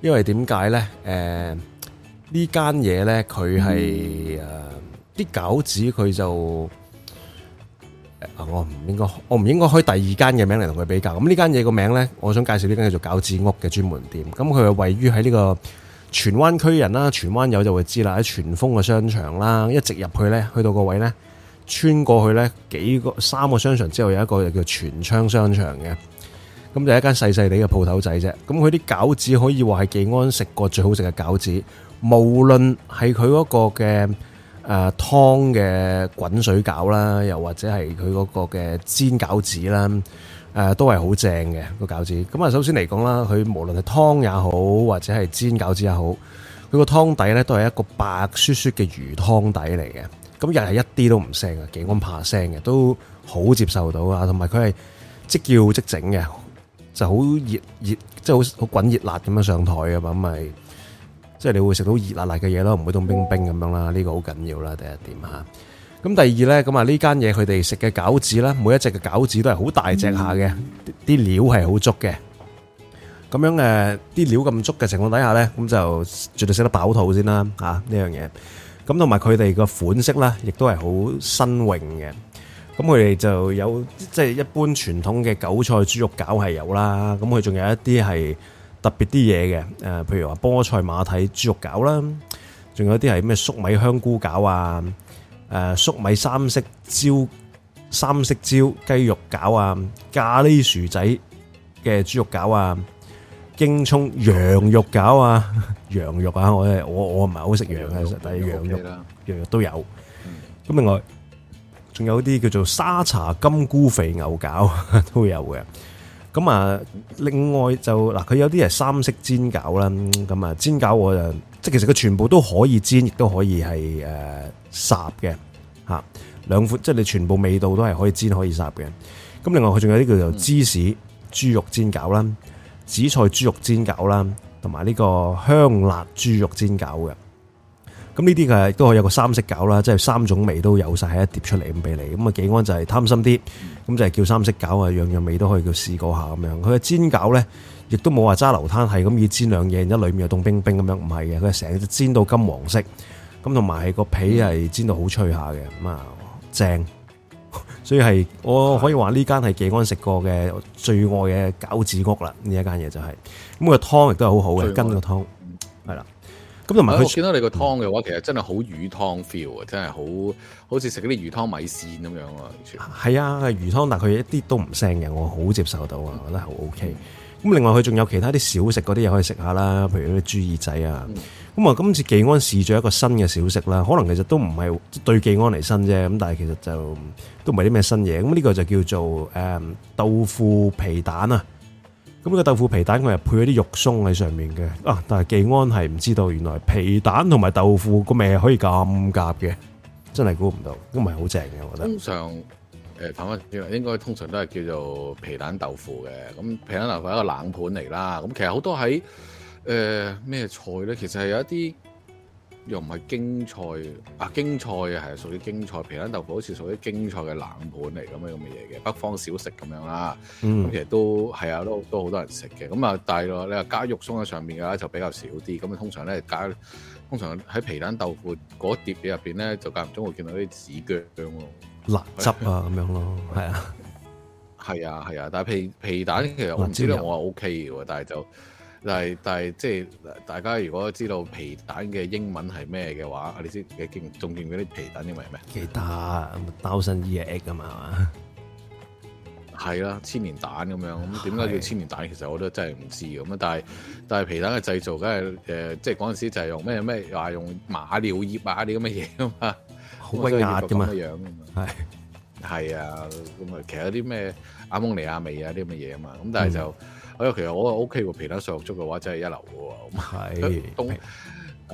因為點解咧？誒、呃，間呢間嘢咧，佢係誒啲餃子佢就。我唔應該，我唔應該開第二間嘅名嚟同佢比較。咁呢間嘢個名呢，我想介紹呢間叫做餃子屋嘅專門店。咁佢係位於喺呢個荃灣區人啦，荃灣友就會知啦。喺荃豐嘅商場啦，一直入去呢，去到個位呢，穿過去呢幾個三個商場之後，有一個就叫全昌商場嘅。咁就一間細細地嘅鋪頭仔啫。咁佢啲餃子可以話係記安食過最好食嘅餃子，無論係佢嗰個嘅。誒湯嘅滾水餃啦，又或者係佢嗰個嘅煎餃子啦，誒、啊、都係好正嘅、嗰個餃子。咁啊，首先嚟講啦，佢無論係湯也好，或者係煎餃子也好，佢個湯底咧都係一個白雪雪嘅魚湯底嚟嘅。咁又係一啲都唔腥嘅，幾咁怕腥嘅，都好接受到啊。同埋佢係即叫即整嘅，就好熱熱，即係好好滾熱辣咁樣上台㗎咁咪。就是即係你會食到熱辣辣嘅嘢咯，唔會凍冰冰咁樣啦，呢個好緊要啦，第一點吓。咁第二呢，咁啊呢間嘢佢哋食嘅餃子啦，每一隻嘅餃子都係好大隻下嘅，啲料係好足嘅。咁樣誒，啲料咁足嘅情況底下呢，咁就絕對食得飽肚先啦，吓呢樣嘢。咁同埋佢哋個款式啦，亦都係好新穎嘅。咁佢哋就有即係一般傳統嘅韭菜豬肉餃係有啦，咁佢仲有一啲係。特別啲嘢嘅，誒，譬如話菠菜馬蹄豬肉餃啦，仲有啲係咩粟米香菇餃啊，誒，粟米三色椒、三色椒雞肉餃啊，咖喱薯仔嘅豬肉餃啊，京葱羊肉餃啊，羊肉啊，我哋我我唔係好食羊嘅，但係羊肉啊羊肉都有。咁另外仲有啲叫做沙茶金菇肥牛餃都有嘅。咁啊，另外就嗱，佢有啲係三色煎餃啦，咁啊煎餃我就即係其實佢全部都可以煎，亦都可以係誒烚嘅吓，兩款即係你全部味道都係可以煎可以烚嘅。咁另外佢仲有啲叫做芝士、嗯、豬肉煎餃啦、紫菜豬肉煎餃啦，同埋呢個香辣豬肉煎餃嘅。咁呢啲佢係都可以有個三色餃啦，即係三種味都有曬喺一碟出嚟咁俾你。咁啊，紀安就係貪心啲，咁就係叫三色餃啊，樣樣味都可以叫試過下咁樣。佢嘅煎餃咧，亦都冇話揸流灘係咁要煎兩嘢，然之後裡面又凍冰冰咁樣，唔係嘅，佢係成日煎到金黃色，咁同埋個皮係煎到好脆下嘅，咁啊正。所以係我可以話呢間係紀安食過嘅最愛嘅餃子屋啦，呢一間嘢就係。咁個湯亦都係好好嘅，跟個湯。咁同埋佢見到你個湯嘅話，其實真係好魚湯 feel 啊！真係好好似食啲魚湯米線咁樣啊！係啊，魚湯，但佢一啲都唔腥嘅，我好接受到啊、嗯，覺得好 OK、嗯。咁另外佢仲有其他啲小食嗰啲嘢可以食下啦，譬如啲豬耳仔啊。咁、嗯、啊，我今次技安試咗一個新嘅小食啦，可能其實都唔係對技安嚟新啫，咁但係其實就都唔係啲咩新嘢。咁呢個就叫做、嗯、豆腐皮蛋啊。咁呢個豆腐皮蛋，佢係配咗啲肉鬆喺上面嘅啊！但係技安係唔知道，原來皮蛋同埋豆腐個味係可以咁夾嘅，真係估唔到，咁咪好正嘅，我覺得。通常誒，譚生應該通常都係叫做皮蛋豆腐嘅。咁皮蛋豆腐係一個冷盤嚟啦。咁其實好多喺誒咩菜咧，其實係有一啲。又唔係京菜啊，京菜啊，係屬於京菜皮蛋豆腐，好似屬於京菜嘅冷盤嚟咁樣咁嘅嘢嘅，北方小食咁樣啦。咁、嗯、其實都係啊，都都好多人食嘅。咁啊，但係咯，你話加肉鬆喺上面嘅話，就比較少啲。咁啊，通常咧加，通常喺皮蛋豆腐嗰碟嘢入邊咧，就間唔中會見到啲子薑咯，辣汁啊咁 [laughs] 樣咯，係啊，係啊，係啊。但係皮皮蛋其實我唔知道我係 O K 嘅，但係就～就係，但係即係大家如果知道皮蛋嘅英文係咩嘅話，我哋知你見仲見唔見啲皮蛋英文係咩？雞蛋，蛋身 E egg 嘛，係嘛？係啦，千年蛋咁樣，咁點解叫千年蛋？的其實我都真係唔知嘅咁啊！但係但係皮蛋嘅製造，梗係誒，即係嗰陣時就係用咩咩，又係用馬尿液啊啲咁嘅嘢啊嘛，好鬼壓㗎嘛樣啊係係咁啊，其實有啲咩阿蒙尼亞味啊啲咁嘅嘢啊嘛，咁但係就。嗯。哎呀，其實我又 OK 喎，皮蛋瘦肉粥嘅話真係一流嘅喎，係，都，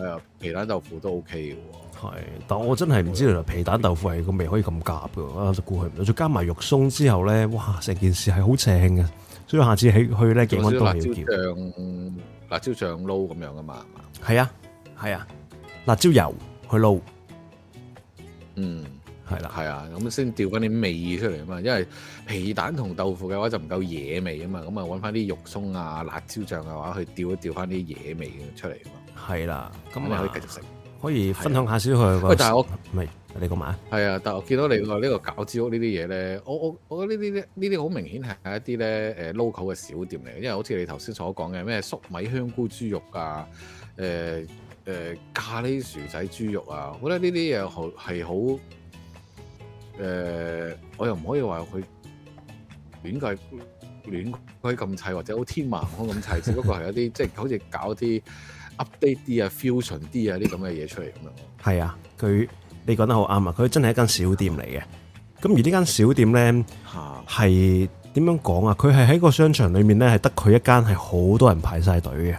誒啊，皮蛋豆腐都 OK 嘅喎，係，但我真係唔知道皮蛋豆腐係個味可以咁夾嘅，我諗就估佢唔到，再加埋肉鬆之後咧，哇，成件事係好正嘅，所以下次去去咧幾蚊都要叫，辣椒醬，辣椒醬撈咁樣啊嘛，係啊，係啊，辣椒油去撈，嗯。係啦，係啊，咁先調翻啲味出嚟啊嘛，因為皮蛋同豆腐嘅話就唔夠野味啊嘛，咁啊揾翻啲肉鬆啊、辣椒醬嘅話去調一調翻啲野味出嚟啊嘛。係啦，咁你可以繼續食，啊，可以分享下先佢。喂，但係我唔係你講埋啊。係啊，但係我見到你呢、呢個餃子屋呢啲嘢咧，我我我覺得呢啲呢呢啲好明顯係一啲咧誒 local 嘅小店嚟嘅，因為好似你頭先所講嘅咩粟米香菇豬肉啊，誒、呃、誒、呃、咖喱薯仔豬肉啊，我覺得呢啲嘢係係好。誒、呃，我又唔可以話佢亂鬼亂鬼咁砌，或者好天馬行空咁砌，只不過係一啲即係好似搞啲 update 啲啊，fusion 啲啊啲咁嘅嘢出嚟咁樣。係啊，佢你講得好啱啊，佢真係一間小店嚟嘅。咁而呢間小店咧，係點樣講啊？佢係喺個商場裏面咧，係得佢一間係好多人排晒隊嘅，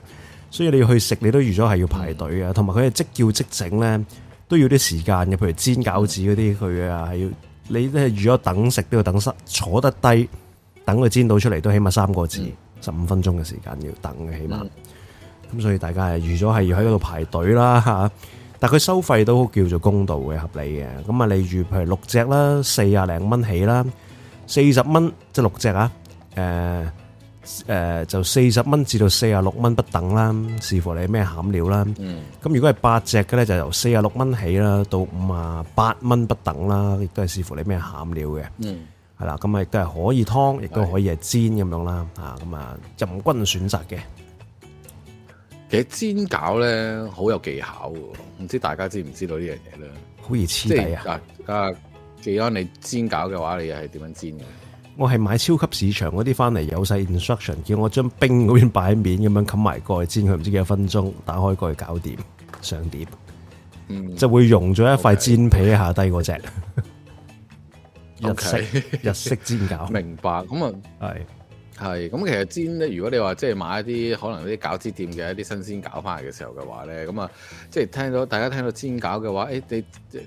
所以你要去食你都預咗係要排隊嘅，同埋佢係即叫即整咧。都要啲時間嘅，譬如煎餃子嗰啲，佢啊係要你係預咗等食都要等塞坐得低等佢煎到出嚟，都起碼三個字十五分鐘嘅時間要等嘅起碼。咁所以大家係預咗係要喺嗰度排隊啦吓。但係佢收費都叫做公道嘅合理嘅。咁啊，你預譬如六隻啦，四呀零蚊起啦，四十蚊即係六隻啊，誒、呃。誒、呃，就四十蚊至到四啊六蚊不等啦，視乎你咩餡料啦。咁、嗯、如果係八隻嘅咧，就由四啊六蚊起啦，到五啊八蚊不等啦，亦都係視乎你咩餡料嘅。係、嗯、啦，咁啊亦都係可以湯，亦都可以係煎咁樣啦。吓，咁啊任君選擇嘅。其實煎餃咧好有技巧，唔知大家知唔知道呢樣嘢咧？好易黐底啊！就是、啊，既然你煎餃嘅話，你係點樣煎嘅？我係買超級市場嗰啲翻嚟，有晒 instruction 叫我將冰嗰邊擺面咁樣冚埋蓋，煎佢唔知幾多分鐘，打開蓋搞掂，上碟，嗯、就會溶咗一塊煎皮下低嗰隻日式 okay，日式煎餃，明白？咁啊係。係，咁其實煎咧，如果你話即係買一啲可能啲餃子店嘅一啲新鮮餃翻嚟嘅時候嘅話咧，咁啊，即係聽到大家聽到煎餃嘅話，誒、欸，你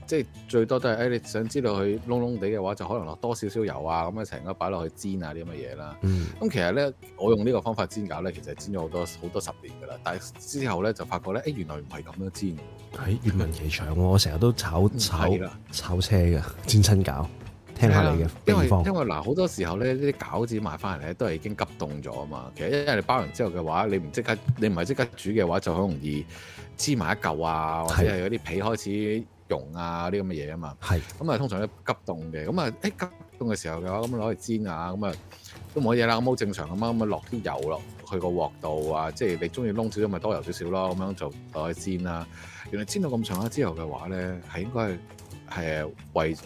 即係最多都係誒、欸，你想知道佢隆隆地嘅話，就可能落多少少油啊，咁啊，成個擺落去煎啊啲咁嘅嘢啦。咁、嗯、其實咧，我用呢個方法煎餃咧，其實煎咗好多好多十年㗎啦，但係之後咧就發覺咧，誒、欸、原來唔係咁樣煎的。喺粵聞其詳我成日都炒炒炒，炒車㗎，煎親餃。聽下你嘅，因為因為嗱好、啊、多時候咧，呢啲餃子買翻嚟咧都係已經急凍咗啊嘛。其實因為你包完之後嘅話，你唔即刻你唔係即刻煮嘅話，就好容易黐埋一嚿啊，或者係有啲皮開始溶啊啲咁嘅嘢啊嘛。係咁啊，通常都急凍嘅。咁、嗯、啊，誒、欸、急凍嘅時候嘅話，咁攞去煎啊，咁啊都冇嘢啦，咁好正常咁啊，落啲油落去個鑊度啊。即係你中意燶少少咪多油少少咯，咁樣就攞去煎啦、啊。原來煎到咁長啦之後嘅話咧，係應該係。係啊，為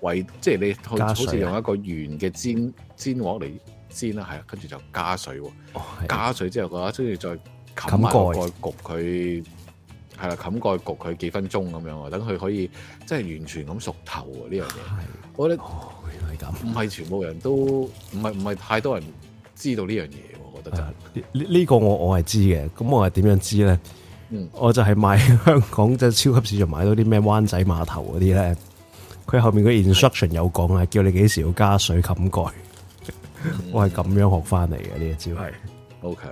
為即係你好似用一個圓嘅煎煎鍋嚟煎啦，係啊，跟住就加水、哦，加水之後嘅話，跟住再冚蓋蓋，蓋，蓋焗佢，係啦，冚蓋焗佢幾分鐘咁樣啊，等佢可以即係完全咁熟透啊呢樣嘢。我覺得、哦、原來係咁，唔係全部人都唔係唔係太多人知道呢樣嘢我覺得真係呢、啊這個我我係知嘅，咁我係點樣知咧？嗯、我就係買香港即係超級市場買到啲咩灣仔碼頭嗰啲咧，佢後面個 instruction 有講啊，叫你幾時要加水冚蓋，嗯、 [laughs] 我係咁樣學翻嚟嘅呢一招。係，OK，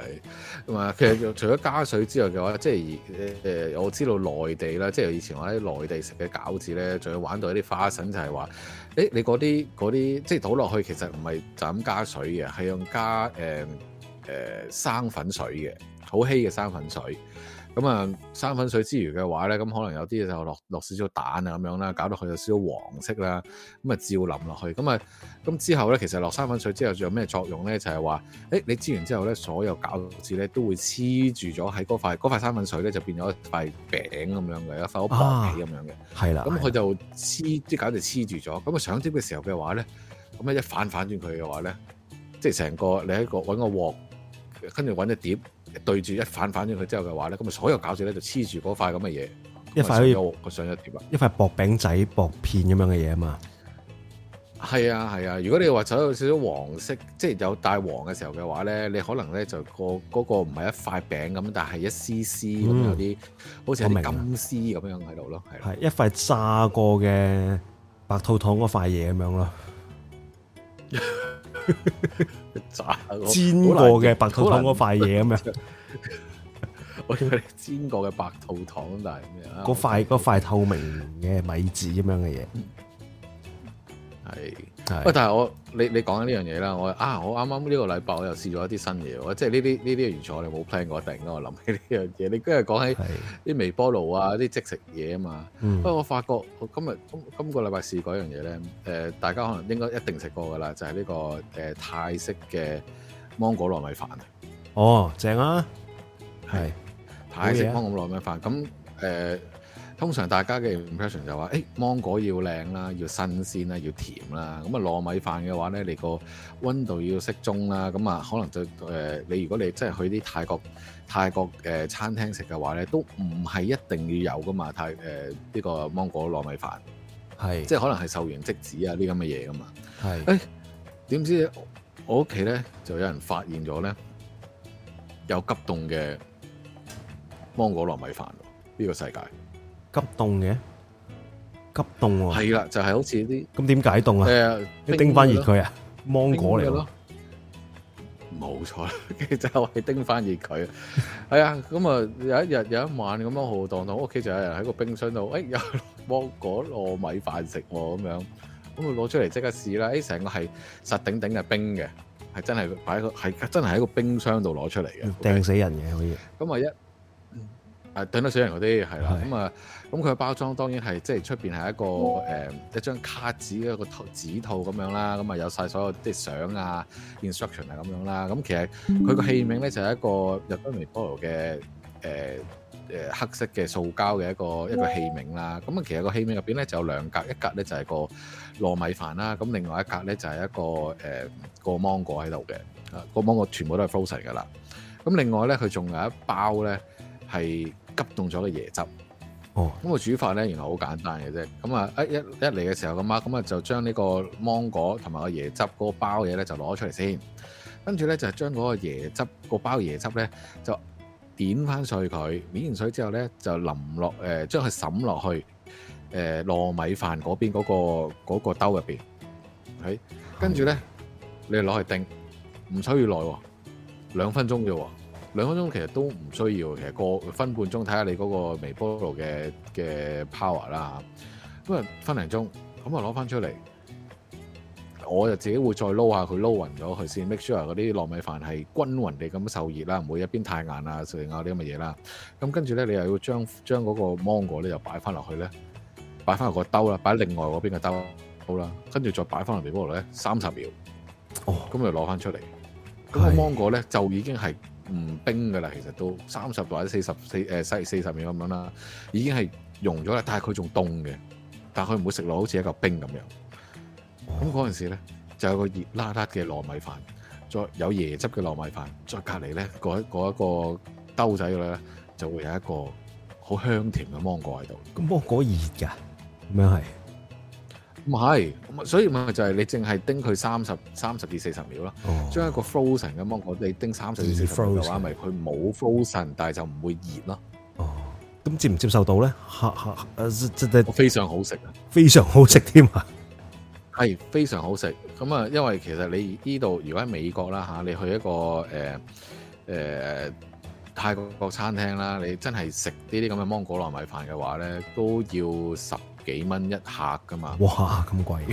其實除咗加水之外嘅話，即係誒、呃，我知道內地啦，即係以，以前我喺內地食嘅餃子咧，仲要玩到一啲花臣，就係話，誒，你嗰啲嗰啲即係倒落去，其實唔係就咁加水嘅，係用加誒誒、呃呃、生粉水嘅，好稀嘅生粉水。咁啊，生粉水之餘嘅話咧，咁可能有啲就落落少少蛋啊咁樣啦，搞到佢有少少黃色啦，咁啊照淋落去，咁啊咁之後咧，其實落生粉水之後仲有咩作用咧？就係話，誒你煎完之後咧，所有餃子咧都會黐住咗喺嗰塊嗰塊生粉水咧，就變咗塊餅咁樣嘅，一塊好薄皮咁樣嘅，係啦。咁佢就黐，即係簡直黐住咗。咁啊上碟嘅時候嘅話咧，咁啊一反反轉佢嘅話咧，即係成個你喺個揾個鑊，跟住揾隻碟。對住一反反咗佢之後嘅話咧，咁啊所有餃子咧就黐住嗰塊咁嘅嘢，一塊佢上咗一條，一塊薄餅仔薄片咁樣嘅嘢啊嘛，係啊係啊。如果你話走有少少黃色，即係有帶黃嘅時候嘅話咧，你可能咧就個嗰個唔係一塊餅咁，但係一絲絲咁、嗯、有啲好似啲金絲咁樣喺度咯，係係一塊炸過嘅白兔糖嗰塊嘢咁樣咯。 [laughs] [laughs] 炸煎過嘅白兔糖嗰塊嘢咁樣， [laughs] 我叫你煎過嘅白兔糖咁樣，但係咩啊？嗰塊嗰塊透明嘅米紙咁樣嘅嘢，係。喂，但係我你你講緊呢樣嘢啦，我啊，我啱啱呢個禮拜我又試咗一啲新嘢，即係呢啲呢啲完全我哋冇 plan 過，突然間我諗起呢樣嘢。你今日講起啲微波爐啊，啲即食嘢啊嘛，不、嗯、過我發覺我今日今個禮拜試過一樣嘢咧，誒、呃，大家可能應該一定食過㗎啦，就係、是、呢、這個誒、呃、泰式嘅芒果糯米飯。哦，正啊，係泰式芒果糯米飯，咁誒。通常大家嘅 impression 就話：誒，芒果要靚啦，要新鮮啦，要甜啦。咁啊糯米飯嘅話咧，你個溫度要適中啦。咁啊可能就，誒，你如果你真係去啲泰國泰國誒餐廳食嘅話咧，都唔係一定要有噶嘛。泰誒呢個芒果糯米飯，係即係可能係售完即止啊啲咁嘅嘢噶嘛。係，誒點知我屋企咧就有人發現咗咧有急凍嘅芒果糯米飯喎？呢個世界。急凍嘅，急凍喎，係啦，就係好似啲咁，點解凍啊？誒，要叮翻熱佢啊，芒果嚟嘅咯，冇錯，跟住就係叮翻熱佢。係啊，咁啊有一日有一晚咁樣浩浩蕩蕩，屋企就有人喺個冰箱度，誒，有芒果糯米飯食咁樣，咁啊攞出嚟即刻試啦，誒，成個係實頂頂嘅冰嘅，係真係擺個係真係喺個冰箱度攞出嚟嘅，掟死人嘅可以。咁萬一？誒等到小人嗰啲係啦，咁啊，咁佢嘅包裝當然係即係出邊係一個誒、呃、一張卡紙一個套紙套咁樣啦，咁啊有晒所有啲相啊，instruction 啊咁樣啦，咁其實佢個器皿咧就係、是、一個日本微波爐嘅誒誒黑色嘅塑膠嘅一個一個器皿啦，咁啊 [noise] 其實個器皿入邊咧就有兩格，一格咧就係、是、個糯米飯啦，咁另外一格咧就係、是、一個誒、呃、個芒果喺度嘅，啊個芒果全部都係 frozen 㗎啦，咁另外咧佢仲有一包咧係，急凍咗個椰汁，哦，咁、那、佢、個、煮法咧原來好簡單嘅啫。咁啊一一一嚟嘅時候，個啊，咁啊就將呢個芒果同埋個椰汁嗰個包嘢咧就攞出嚟先，跟住咧就將嗰個椰汁個包椰汁咧就碾翻碎佢，碾完水之後咧就淋落誒將佢滲落去誒、呃、糯米飯嗰邊嗰個兜入邊，係、那個、跟住咧你攞去叮，唔需要耐，兩分鐘啫喎。兩分鐘其實都唔需要，其實個分半鐘睇下你嗰個微波爐嘅嘅 power 啦嚇，咁啊分零鐘咁啊攞翻出嚟，我就自己會再撈下佢撈勻咗佢先，make sure 嗰啲糯米飯係均勻地咁受熱啦，唔會一邊太硬啊，碎咬啲咁嘅嘢啦。咁跟住咧，你又要將將嗰個芒果咧又擺翻落去咧，擺翻入個兜啦，擺另外嗰邊嘅兜，好啦，跟住再擺翻入微波爐咧三十秒，咁、哦、就攞翻出嚟，咁個芒果咧就已經係。唔冰噶啦，其實都三十度或者四十四誒四四十秒咁樣啦，已經係溶咗啦。但係佢仲凍嘅，但係佢唔會食落好似一嚿冰咁樣。咁嗰陣時咧，就有個熱辣辣嘅糯米飯，再有椰汁嘅糯米飯，再隔離咧嗰一個兜仔嘅咧，就會有一個好香甜嘅芒果喺度。咁芒果熱㗎？咁樣係。唔係，所以咪就係你淨係叮佢三十三十至四十秒咯。將、哦、一個 frozen 嘅芒果，你叮三十至四十秒嘅話，咪佢冇 frozen，但係就唔會熱咯。哦，咁接唔接受到咧？嚇嚇誒誒，非常好食啊，非常好食添啊，係非常好食。咁啊，因為其實你呢度如果喺美國啦嚇，你去一個誒誒、呃呃、泰國個餐廳啦，你真係食呢啲咁嘅芒果糯米飯嘅話咧，都要十幾蚊一客噶嘛？哇，咁貴！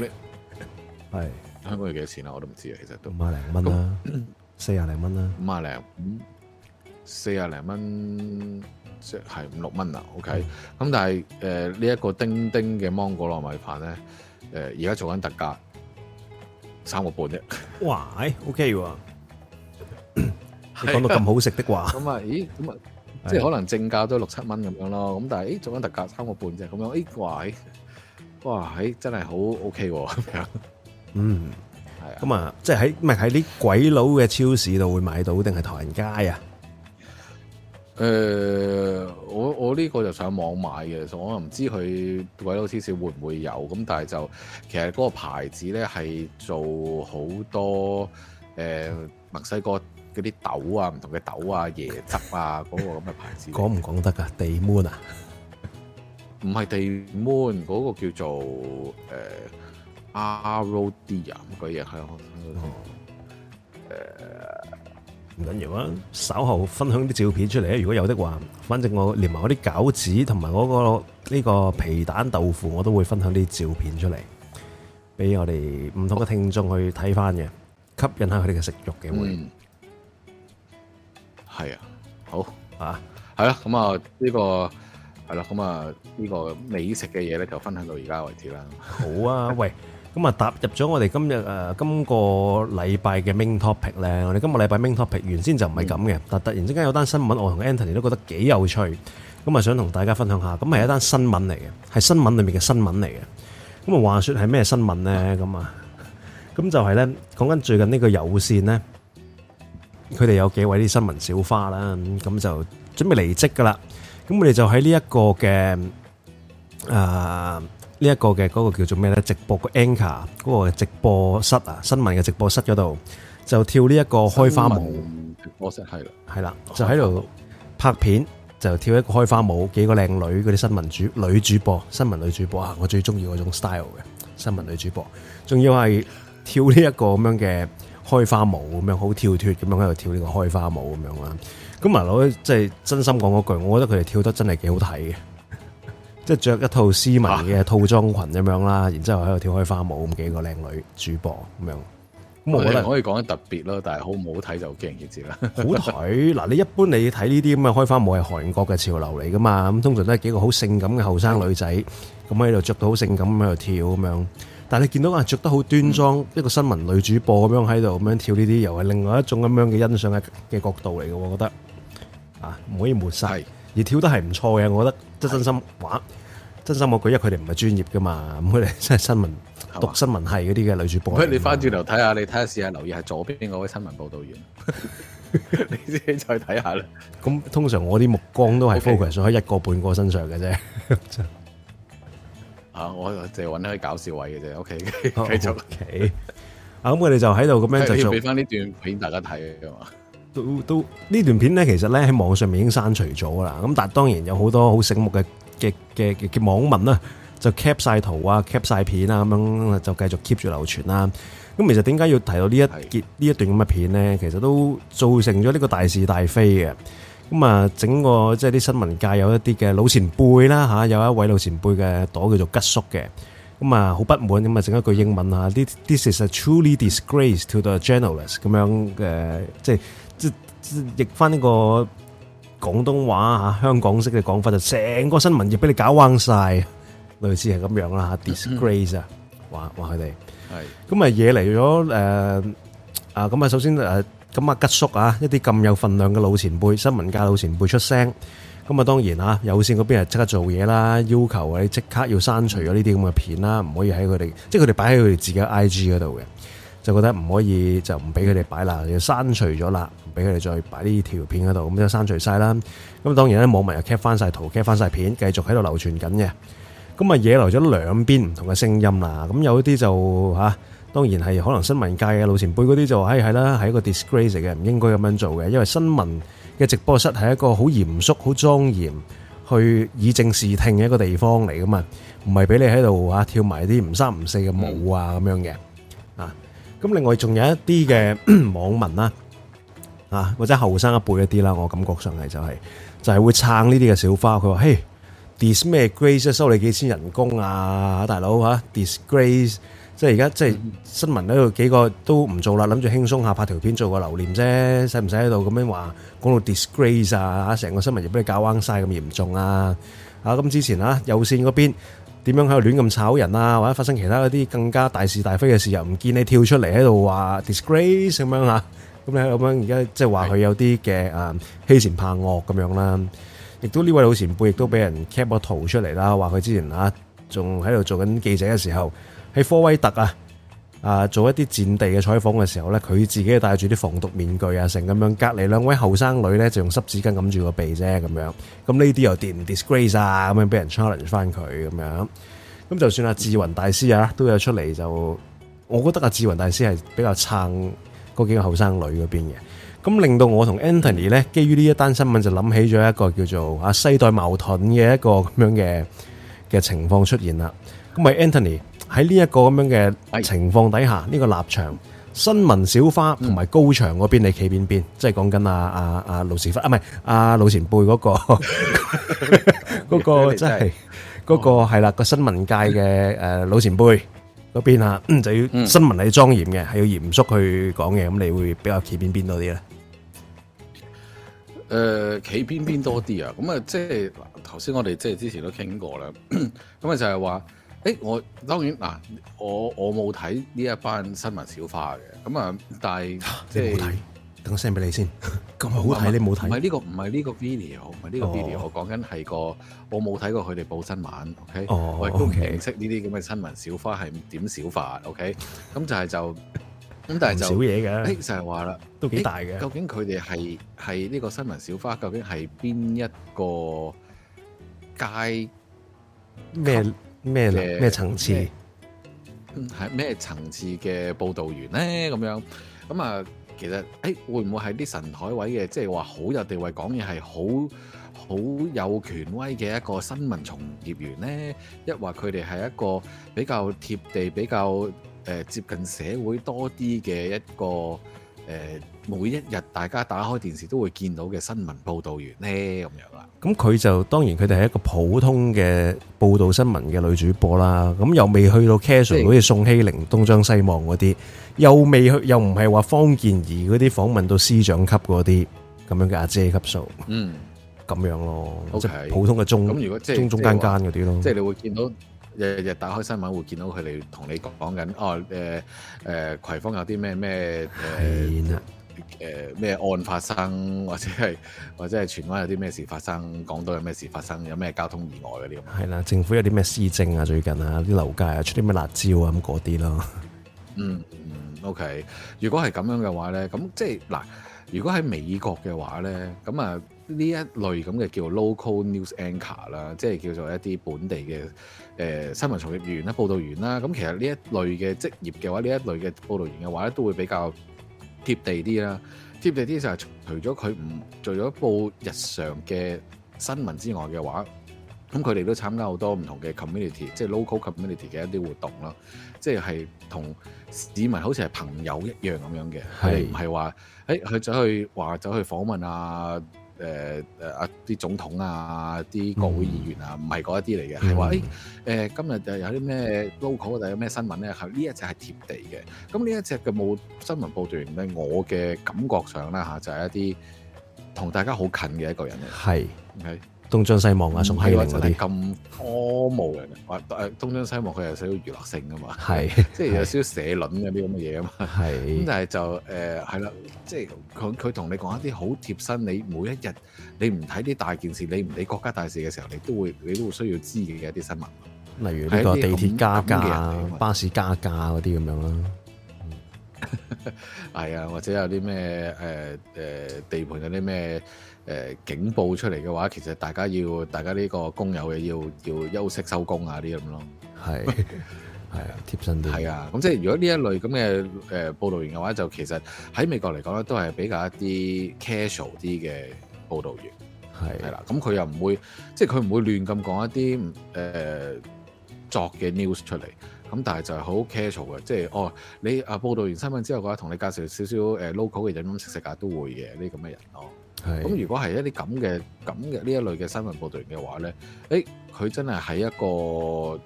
係香港要幾多錢啊？我都唔知啊。其實都五廿零蚊啦，四廿零蚊啦，五廿零五四廿零蚊，即係五六蚊啦、啊。OK，咁、嗯、但係誒呢一個叮叮嘅芒果糯米飯咧，誒而家做緊特價三個半啫。哇！OK 喎， [laughs] 你講到咁好食的話，咁啊咦咁啊！ [laughs] 即係可能正價都六七蚊咁樣咯，咁但係誒做緊特價三個半啫，咁樣誒、欸、哇誒、欸、哇誒、欸、真係好 OK 喎咁樣。嗯，係、嗯、啊。咁、就、啊、是，即係喺唔係喺啲鬼佬嘅超市度會買到，定係唐人街啊？誒、呃，我我呢個就上網買嘅，所以我又唔知佢鬼佬超市會唔會有。咁但係就其實嗰個牌子咧係做好多誒、呃、墨西哥。嗰啲豆啊，唔同嘅豆啊，椰汁啊，嗰個咁嘅牌子講唔講得啊？地 mon 啊，唔係地 mon，嗰個叫做誒 Arrodia 咁嘅嘢係哦。誒唔緊要啊，稍後分享啲照片出嚟咧。如果有的話，反正我連埋我啲餃子同埋嗰個呢個皮蛋豆腐，我都會分享啲照片出嚟，俾我哋唔同嘅聽眾去睇翻嘅，吸引下佢哋嘅食慾嘅會。嗯係啊，好啊，係啦，啊，咁啊呢個係啦，咁啊呢個美食嘅嘢咧就分享到而家為止啦。好啊，喂，咁啊踏入咗我哋今日誒今個禮拜嘅 main topic 咧，我哋今個禮拜 main topic 原先就唔係咁嘅，但突然之間有單新聞，我同 Anthony 都覺得幾有趣，咁啊想同大家分享一下。咁係一單新聞嚟嘅，係新聞裏面嘅新聞嚟嘅。咁啊話說係咩新聞咧？咁啊，咁就係咧講緊最近這呢個有線咧。佢哋有幾位啲新聞小花啦，咁就準備離職噶啦。咁我哋就喺呢一個嘅誒，呢一個嘅嗰個叫做咩咧？直播個 anchor 嗰個直播室啊，新聞嘅直播室嗰度就跳呢一個開花舞。直播室係啦，係啦，就喺度拍片，就跳一個開花舞。幾個靚女的，嗰啲新聞主女主播，新聞女主播啊，我最中意嗰種 style 嘅新聞女主播，仲要係跳呢一個咁樣嘅。開花舞咁樣，好跳脱咁樣喺度跳呢個開花舞咁樣啦。咁埋落去，即係真心講嗰句，我覺得佢哋跳得真係幾好睇嘅。即係着一套絲襪嘅套裝裙咁樣啦，然之後喺度跳開花舞咁，幾個靚女主播咁樣。咁可能可以講得特別咯，但係好唔好睇就驚人未知啦。好睇嗱，你一般你睇呢啲咁嘅開花舞係韓國嘅潮流嚟噶嘛？咁通常都係幾個好性感嘅後生女仔咁喺度着到好性感咁喺度跳咁樣。但係你見到啊著得好端莊，一個新聞女主播咁樣喺度咁樣跳呢啲，又係另外一種咁樣嘅欣賞嘅嘅角度嚟嘅，我覺得啊，唔可以抹殺。而跳得係唔錯嘅，我覺得真心話，真心我講，因為佢哋唔係專業㗎嘛，咁佢哋真係新聞讀新聞係嗰啲嘅女主播。唔係你翻轉頭睇下，你睇下試下留意下左邊邊嗰位新聞報導員，你先再睇下啦。咁通常我啲目光都係 focus 喺一個半個身上嘅啫。啊！我就就揾啲搞笑位嘅啫，OK 繼續 OK。啊，咁我哋就喺度咁樣就做。俾翻呢段片大家睇啊嘛。都都呢段片咧，其實咧喺網上面已經刪除咗啦。咁但係當然有好多好醒目嘅嘅嘅嘅網民啦，就 cap 曬圖啊，cap 曬片啊，咁樣就繼續 keep 住流傳啦。咁其實點解要提到呢一結呢一段咁嘅片咧？其實都造成咗呢個大是大非嘅。咁啊，整個即係啲新聞界有一啲嘅老前輩啦嚇，有一位老前輩嘅朵叫做吉叔嘅，咁啊好不滿，咁啊整一句英文嚇，啲 This is a truly disgrace to the journalists 咁樣嘅，即係即即譯翻呢個廣東話嚇香港式嘅講法就成個新聞業俾你搞彎曬，類似係咁樣啦嚇 disgrace 啊，話話佢哋係，咁啊惹嚟咗誒啊，咁啊首先誒。咁啊吉叔啊，一啲咁有份量嘅老前輩、新聞界老前輩出聲，咁啊當然啊，有線嗰邊係即刻做嘢啦，要求你即刻要刪除咗呢啲咁嘅片啦，唔可以喺佢哋，即係佢哋擺喺佢哋自己 I G 嗰度嘅，就覺得唔可以就唔俾佢哋擺啦，要刪除咗啦，唔俾佢哋再擺呢條片嗰度，咁就刪除晒啦。咁當然咧，網民又 cap 翻晒圖，cap 翻晒片，繼續喺度流傳緊嘅。咁啊，惹嚟咗兩邊唔同嘅聲音啦。咁有啲就當然係可能新聞界嘅老前輩嗰啲就話：嘿，係啦，係一個 disgrace 嚟嘅，唔應該咁樣做嘅。因為新聞嘅直播室係一個好嚴肅、好莊嚴，去以正視聽嘅一個地方嚟噶嘛，唔係俾你喺度啊跳埋啲唔三唔四嘅舞啊咁樣嘅。啊，咁另外仲有一啲嘅網民啦，啊或者後生一輩一啲啦，我感覺上係就係就係會撐呢啲嘅小花。佢話：嘿，dis 咩 grace 收你幾千人工啊，大佬嚇，disgrace。即係而家，即係新聞喺度幾個都唔做啦，諗住輕鬆下拍條片做個留念啫，使唔使喺度咁樣話講到 disgrace 啊？成個新聞業俾你搞彎曬咁嚴重啊！啊，咁之前啊有線嗰邊點樣喺度亂咁炒人啊，或者發生其他嗰啲更加大是大非嘅事，又唔見你跳出嚟喺度話 disgrace 咁樣啊？咁你咁樣而家即係話佢有啲嘅啊欺善怕惡咁樣啦，亦都呢位老前輩亦都俾人 cap 個圖出嚟啦，話佢之前啊仲喺度做緊記者嘅時候。喺科威特啊，啊做一啲戰地嘅採訪嘅時候咧，佢自己帶住啲防毒面具啊，成咁樣。隔籬兩位後生女咧，就用濕紙巾揞住個鼻啫，咁樣。咁呢啲又電 disgrace 啊，咁樣俾人 challenge 翻佢咁樣。咁就算阿志雲大師啊，都有出嚟就，我覺得阿志雲大師係比較撐嗰幾個後生女嗰邊嘅。咁令到我同 Anthony 咧，基於呢一單新聞就諗起咗一個叫做啊世代矛盾嘅一個咁樣嘅嘅情況出現啦。咁咪 Anthony？喺呢一個咁樣嘅情況底下，呢個立場，新聞小花同埋高牆嗰邊你企邊邊，即係講緊阿阿阿老時花，啊唔係阿老前輩嗰個嗰個即係嗰個係啦個新聞界嘅誒老前輩嗰邊啊，就要新聞係莊嚴嘅，係要嚴肅去講嘅，咁你會比較企邊邊多啲咧？誒，企邊邊多啲啊！咁啊，即係頭先我哋即係之前都傾過啦，咁啊就係話。誒，我當然嗱，我我冇睇呢一班新聞小花嘅。咁啊，但係即係你冇睇，等聲俾你先，咁好睇你冇睇？唔係呢個，唔係呢個 video，唔係呢個 video，我講緊係個，我冇睇過佢哋報新聞，OK？哦，我哋，都唔認識呢啲咁嘅新聞小花係點小花，OK？咁就係就咁，但係就唔少嘢嘅，誒，就係話啦，都幾大嘅。究竟佢哋係係呢個新聞小花，究竟係邊一個界咩？咩嘅咩層次？嗯，係咩層次嘅報導員呢？咁樣咁啊，其實誒，會唔會係啲神台位嘅？即係話好有地位講嘢，係好好有權威嘅一個新聞從業員呢？一話佢哋係一個比較貼地、比較誒接近社會多啲嘅一個誒，每一日大家打開電視都會見到嘅新聞報道員咧，咁樣啦。咁佢就當然佢哋係一個普通嘅報道新聞嘅女主播啦。咁又未去到 casual，好似宋熙玲東張西望嗰啲，又未去又唔係話方健儀嗰啲訪問到司長級嗰啲咁樣嘅阿姐級數。嗯，咁樣咯，即係普通嘅中，咁如果即係中中間間嗰啲咯。即係你會見到日日打開新聞會見到佢哋同你講緊哦，誒誒，葵芳有啲咩咩事啦。誒、呃、咩案發生，或者係或者係荃灣有啲咩事發生，港島有咩事發生，有咩交通意外嗰啲，係啦，政府有啲咩施政啊，最近啊，啲樓價啊，出啲咩辣招啊咁嗰啲咯。嗯嗯，OK 如，如果係咁樣嘅話咧，咁即係嗱，如果喺美國嘅話咧，咁啊呢一類咁嘅叫做 local news anchor 啦，即係叫做一啲本地嘅誒、呃、新聞從業員啦、報導員啦。咁其實呢一類嘅職業嘅話，呢一類嘅報導員嘅話咧，都會比較貼地啲啦，貼地啲就係除咗佢唔做咗報日常嘅新聞之外嘅話，咁佢哋都參加好多唔同嘅 community，即係 local community 嘅一啲活動咯，即係係同市民好似係朋友一樣咁樣嘅，係唔係話誒佢去走去話走去訪問啊？誒、呃、誒，阿、呃、啲總統啊，啲國會議員啊，唔係嗰一啲嚟嘅，係話誒誒，今日就有啲咩 local 或者有咩新聞咧？係呢一隻係貼地嘅。咁呢一隻嘅冇新聞報道咧，我嘅感覺上咧嚇就係、是、一啲同大家好近嘅一個人嚟，係。Okay? 東張西望啊，仲係啲。咁荒謬嘅，或誒東張西望，佢係少少娛樂性噶嘛？係，即係有少少社論嘅啲咁嘅嘢啊嘛。係。咁但係就誒係啦，即係佢佢同你講一啲好貼身，你每一日你唔睇啲大件事，你唔理國家大事嘅時候，你都會你都會需要知嘅一啲新聞。例如呢個地鐵加價、巴士加價嗰啲咁樣啦。係啊，或者有啲咩誒誒地盤有啲咩？誒、呃、警報出嚟嘅話，其實大家要大家呢個工友嘅要要休息收工啊啲咁咯，係係啊貼身啲係啊，咁、啊、即係如果呢一類咁嘅誒報道員嘅話，就其實喺美國嚟講咧，都係比較一啲 casual 啲嘅報道員係係啦，咁佢、啊、又唔會即係佢唔會亂咁講一啲誒、呃、作嘅 news 出嚟，咁但係就係好 casual 嘅，即係哦你啊報道完新聞之後嘅話，同你介紹少少誒 local 嘅飲飲食食啊都會嘅呢啲咁嘅人咯。咁如果係一啲咁嘅咁嘅呢一類嘅新聞報道員嘅話咧，誒、欸、佢真係喺一個，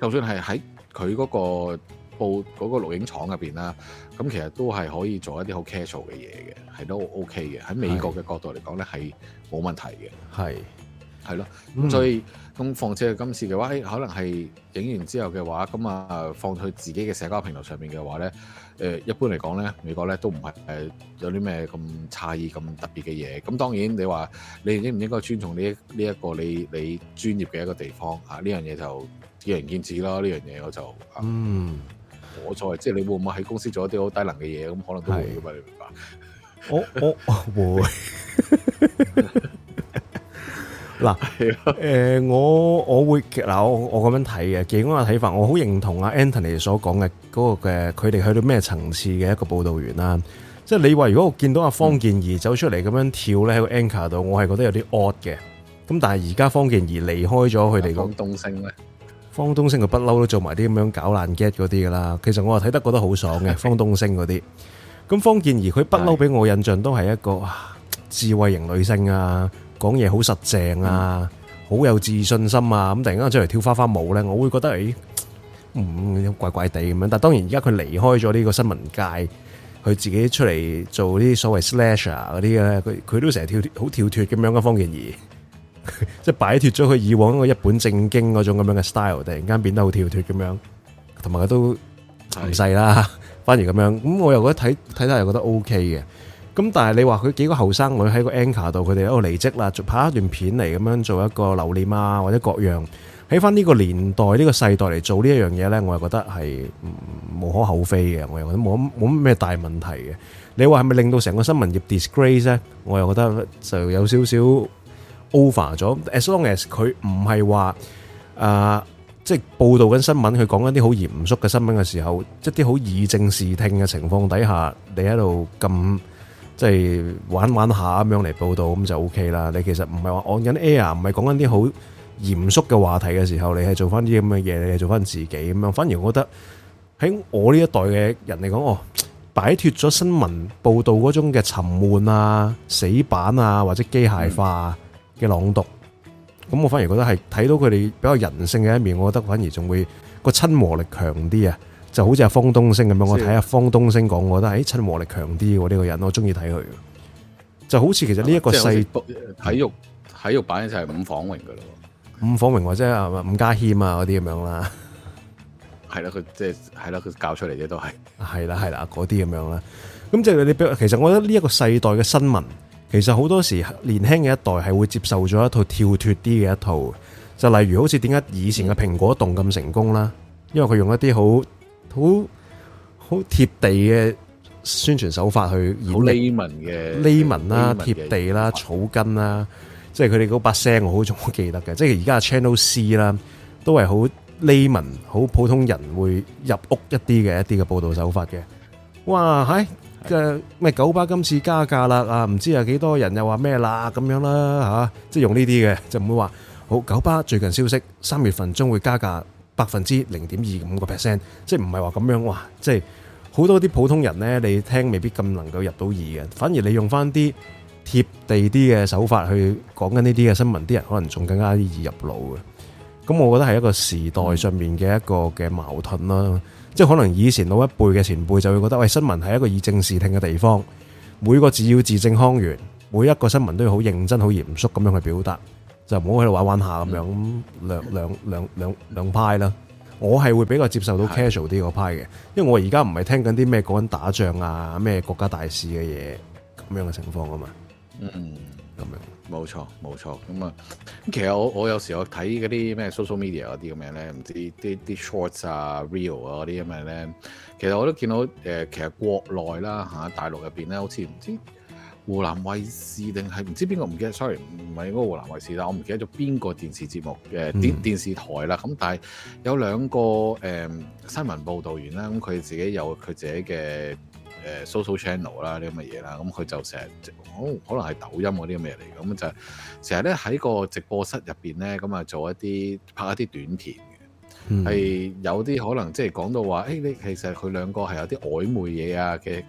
就算係喺佢嗰個報嗰、嗰個、錄影廠入邊啦，咁其實都係可以做一啲好 casual 嘅嘢嘅，係都 OK 嘅。喺美國嘅角度嚟講咧，係冇問題嘅，係係咯。咁、嗯、所以咁，況且佢今次嘅話，誒可能係影完之後嘅話，咁啊放佢自己嘅社交平台上面嘅話咧。誒、呃、一般嚟講咧，美國咧都唔係誒有啲咩咁差異咁特別嘅嘢。咁當然你話你應唔應該尊重呢呢一個你你專業嘅一個地方啊？呢樣嘢就見仁見智咯。呢樣嘢我就、啊、嗯，我錯即係你會唔會喺公司做一啲好低能嘅嘢？咁可能都會噶嘛，你明白？我我會。 [laughs] [laughs] [laughs] 嗱，誒我我會嗱，我我咁樣睇嘅，其實我嘅睇法，我好認同阿 Anthony 所講嘅嗰個嘅，佢哋去到咩層次嘅一個報導員啦。即係你話，如果我見到阿方健儀走出嚟咁樣跳咧喺個 anchor 度，我係覺得有啲 odd 嘅。咁但係而家方健儀離開咗佢哋，方東升咧，方東升佢不嬲都做埋啲咁樣搞爛 get 嗰啲噶啦。其實我話睇得覺得好爽嘅，方東升嗰啲。咁方健儀佢不嬲俾我印象都係一個智慧型女性啊。講嘢好實正啊，好有自信心啊，咁突然間出嚟跳花花舞咧，我會覺得誒，唔怪怪地咁樣。但當然而家佢離開咗呢個新聞界，佢自己出嚟做啲所謂 slash 啊嗰啲咧，佢佢都成日跳好跳脫咁樣嘅方健儀，即係擺脫咗佢以往一個一本正經嗰種咁樣嘅 style，突然間變得好跳脫咁樣，同埋佢都唔細啦，反而咁樣，咁我又覺得睇睇睇又覺得 OK 嘅。咁但係你話佢幾個後生女喺個 anchor 度，佢哋喺度離職啦，拍一段片嚟咁樣做一個留念啊，或者各樣喺翻呢個年代呢個世代嚟做呢一樣嘢咧，我又覺得係無可厚非嘅，我又覺得冇冇咩大問題嘅。你話係咪令到成個新聞業 disgrace 咧？我又覺得就有少少 over 咗。As long as 佢唔係話啊，即係報道緊新聞，佢講緊啲好嚴肅嘅新聞嘅時候，一啲好以正視聽嘅情況底下，你喺度咁。即係玩玩下咁樣嚟報道，咁就 OK 啦。你其實唔係話按緊 air，唔係講緊啲好嚴肅嘅話題嘅時候，你係做翻啲咁嘅嘢，你係做翻自己咁樣。反而我覺得喺我呢一代嘅人嚟講，哦，擺脫咗新聞報道嗰種嘅沉悶啊、死板啊或者機械化嘅朗讀，咁、嗯、我反而覺得係睇到佢哋比較人性嘅一面，我覺得反而仲會個親和力強啲啊。就好似阿方東升咁樣，我睇阿方東升講，我覺得誒親和力強啲、這個，我呢個人我中意睇佢。就好似其實呢一個細、啊就是、體育體育版就係伍晃榮噶咯，伍晃榮或者係伍家謙啊嗰啲咁樣啦，係啦佢即係係啦佢教出嚟嘅都係，係啦係啦嗰啲咁樣啦。咁即係你比其實我覺得呢一個世代嘅新聞，其實好多時年輕嘅一代係會接受咗一套跳脱啲嘅一套。就例如好似點解以前嘅蘋果動咁成功啦、嗯，因為佢用一啲好。好好好貼地嘅宣傳手法去尼門的尼門啦，貼地啦，草根啦，即係佢哋嗰把聲我好仲好記得嘅，即係而家 channel C 啦都係好尼門好普通人會入屋一啲嘅一啲的報導手法哇，係嘅咩，九巴百分之零點二五個 percent，即係唔係話咁樣哇！即係好多啲普通人呢，你聽未必咁能夠入到耳嘅，反而你用翻啲貼地啲嘅手法去講緊呢啲嘅新聞，啲人可能仲更加易入腦嘅。咁我覺得係一個時代上面嘅一個嘅矛盾啦。即係可能以前老一輩嘅前輩就會覺得，喂，新聞係一個以正視聽嘅地方，每個字要字正腔圓，每一個新聞都要好認真、好嚴肅咁樣去表達。就唔好喺度玩玩下咁樣咁兩兩兩兩兩派啦。我係會比較接受到 casual 啲個派嘅，是因為我而家唔係聽緊啲咩講緊打仗啊、咩國家大事嘅嘢咁樣嘅情況啊嘛。嗯，嗯，咁樣。冇錯，冇錯。咁啊，咁其實我我有時我睇嗰啲咩 social media 嗰啲咁樣咧，唔知啲啲 shorts 啊、reels 啊嗰啲咁樣咧，其實我都見到誒、呃，其實國內啦嚇、啊、大陸入邊咧，好似唔知。湖南衛視定係唔知邊個唔記得？sorry，唔係嗰個湖南衛視啦，我唔記得咗邊個電視節目誒、呃嗯、電視台啦。咁但係有兩個、呃、新聞報導員啦，咁佢自己有佢自己嘅、呃、social channel 啦，啲咁嘅嘢啦。咁佢就成日可能係抖音嗰啲咁嘅嘢嚟，咁就成日咧喺個直播室入面咧，咁啊做一啲拍一啲短片。係、嗯、有啲可能說說，即係講到話，誒你其實佢兩個係有啲曖昧嘢啊嘅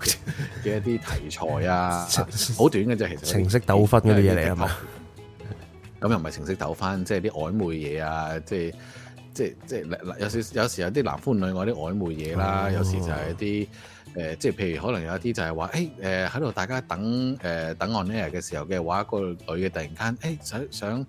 嘅一啲題材啊，好短嘅啫，其實情色糾紛啲嘢嚟啊嘛，咁又唔係情色糾紛，即係啲曖昧嘢啊，即係即係即係有少有時有啲男歡女愛啲曖昧嘢啦， [laughs] 有時就係一啲。 [laughs] 誒、呃、即係譬如可能有一啲就係話，誒誒喺度大家等誒、呃、等 on air 嘅時候嘅話，嗰個女嘅突然間，誒、欸、想想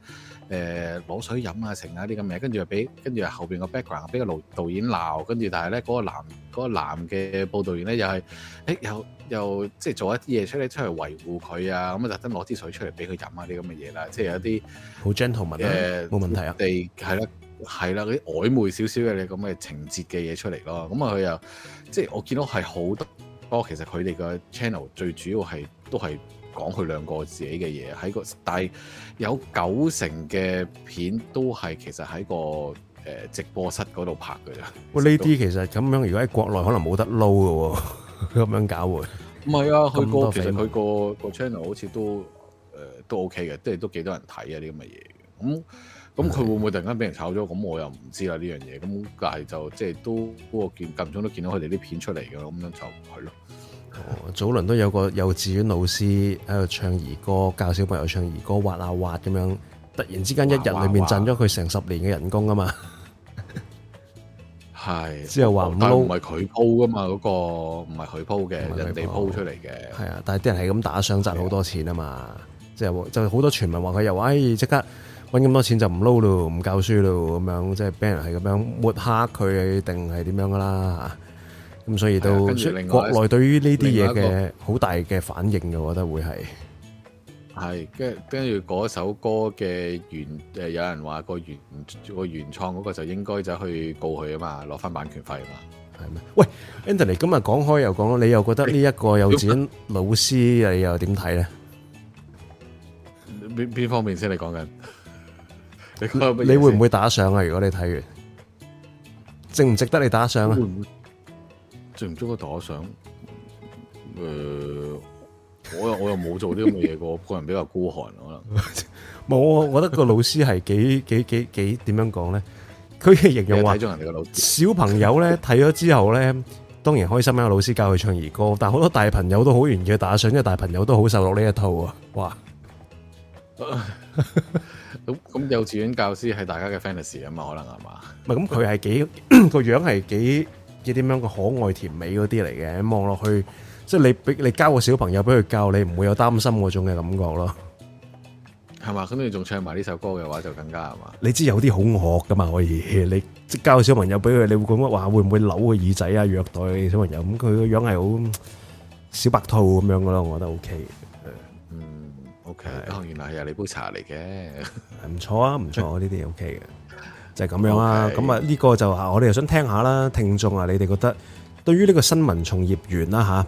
誒攞水飲啊，成啊啲咁嘅，跟住又俾跟住後邊個 background 俾個導導演鬧，跟住但係咧嗰個男嗰、嗰個、男嘅報道員咧又係，誒、欸、又又即係做一啲嘢出嚟出嚟維護佢啊，咁啊特登攞啲水出嚟俾佢飲啊啲咁嘅嘢啦，即係有啲好 gentleman 嘅冇問題啊，哋、呃。係啦。係啦，嗰啲曖昧少少嘅你咁嘅情節嘅嘢出嚟咯，咁啊佢又即係我見到係好得，不過其實佢哋嘅 channel 最主要係都係講佢兩個自己嘅嘢喺個，但係有九成嘅片都係其實喺個誒直播室嗰度拍嘅啫。喂，呢啲其實咁樣如果喺國內可能冇得撈嘅喎，咁樣搞會唔係啊？佢、個其實佢、個個 channel 好似都誒、呃、都 OK 嘅，即係都幾多人睇啊啲咁嘅嘢咁。咁佢會唔會突然間俾人炒咗？咁我又唔知啦呢樣嘢。咁但係就即、是、係、就是、都嗰個見，近中都見到佢哋啲片出嚟嘅，咁樣就係咯、哦。早輪都有個幼稚園老師喺度唱兒歌，教小朋友唱兒歌，挖啊挖咁樣。突然之間一日裏面賺咗佢成十年嘅人工啊嘛。係，之後話唔撈，唔係佢鋪噶嘛，嗰、那個唔係佢鋪嘅、那個，人哋鋪出嚟嘅。係啊，但係啲人係咁打賞賺好多錢啊嘛。即係就好、是、多傳聞話佢又話，哎，即刻。搵咁多錢就唔撈咯，唔教書咯，咁樣即係俾人係咁樣抹黑佢，定係點樣噶啦？咁所以都國內對於呢啲嘢嘅好大嘅反應嘅，我覺得會係係跟跟住嗰首歌嘅原誒，有人話個原個原創嗰個就應該就去告佢啊嘛，攞翻版權費啊嘛，係咩？喂，Anthony，今日講開又講咯，你又覺得呢一個幼稚園老師誒，你又點睇咧？邊邊方面先？你講緊？你,你會唔會打賞啊？如果你睇完，值唔值得你打賞啊？會唔會值唔值得打賞？誒、呃，我又我又冇做啲咁嘅嘢過， [laughs] 個人比較孤寒可能。冇， [laughs] 我覺得個老師係幾 [laughs] 幾幾幾點樣講咧？佢嘅形容話，睇人哋個老小朋友咧睇咗之後咧， [laughs] 當然開心，因為老師教佢唱兒歌。但係好多大朋友都好願意打賞，因為大朋友都好受落呢一套啊！哇。呃 [laughs] 咁幼稚園教師係大家嘅 fantasy 啊嘛，可能係嘛？係咁，佢係幾個樣係幾幾點樣嘅可愛甜美嗰啲嚟嘅？望落去，即係你俾你教個小朋友俾佢教，你唔會有擔心嗰種嘅感覺咯，係嘛？咁你仲唱埋呢首歌嘅話，就更加係嘛？你知有啲好惡噶嘛？可以，你即係教個小朋友俾佢，你會講乜話？會唔會扭個耳仔啊？虐待小朋友咁，佢個樣係好小白兔咁樣噶咯？我覺得 OK。Okay，原來係你杯茶嚟嘅，唔錯啊，唔錯，呢啲係 OK 嘅，就係、是、咁樣啦。咁啊，呢個就啊，我哋又想聽下啦，聽眾啊，你哋覺得對於呢個新聞從業員啦吓，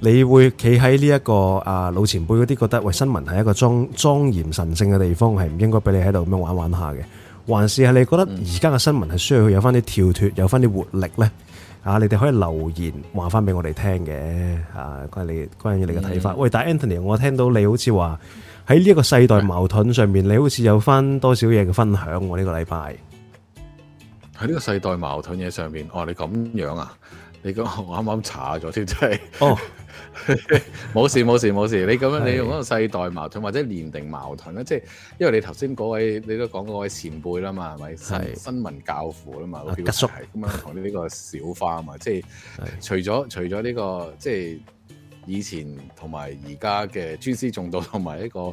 你會企喺呢一個啊老前輩嗰啲覺得，喂，新聞係一個莊莊嚴神聖嘅地方，係唔應該俾你喺度咁樣玩玩下嘅，還是係你覺得而家嘅新聞係需要有翻啲跳脫，有翻啲活力咧？啊！你哋可以留言話翻俾我哋聽嘅嚇，關於你關於你嘅睇法，嗯。喂，但係 Anthony，我聽到你好似話喺呢一個世代矛盾上面，你好似有翻多少嘢嘅分享喎，啊？呢、這個呢個禮拜喺呢個世代矛盾嘢上面，哦，你咁樣啊？你講我啱啱查咗啲真係哦。冇事冇事冇事， [laughs] 沒事 [laughs] 你咁樣，你用嗰個世代矛盾或者年齡矛盾咧，即、就、係、是、因為你頭先嗰位你都講嗰位前輩啦嘛，係咪？新新聞教父啦嘛，阿、啊、吉叔咁樣同你呢個小花嘛，即、就、係、是、除咗除咗呢、這個即係、就是、以前同埋而家嘅尊師重道同埋一個誒貼、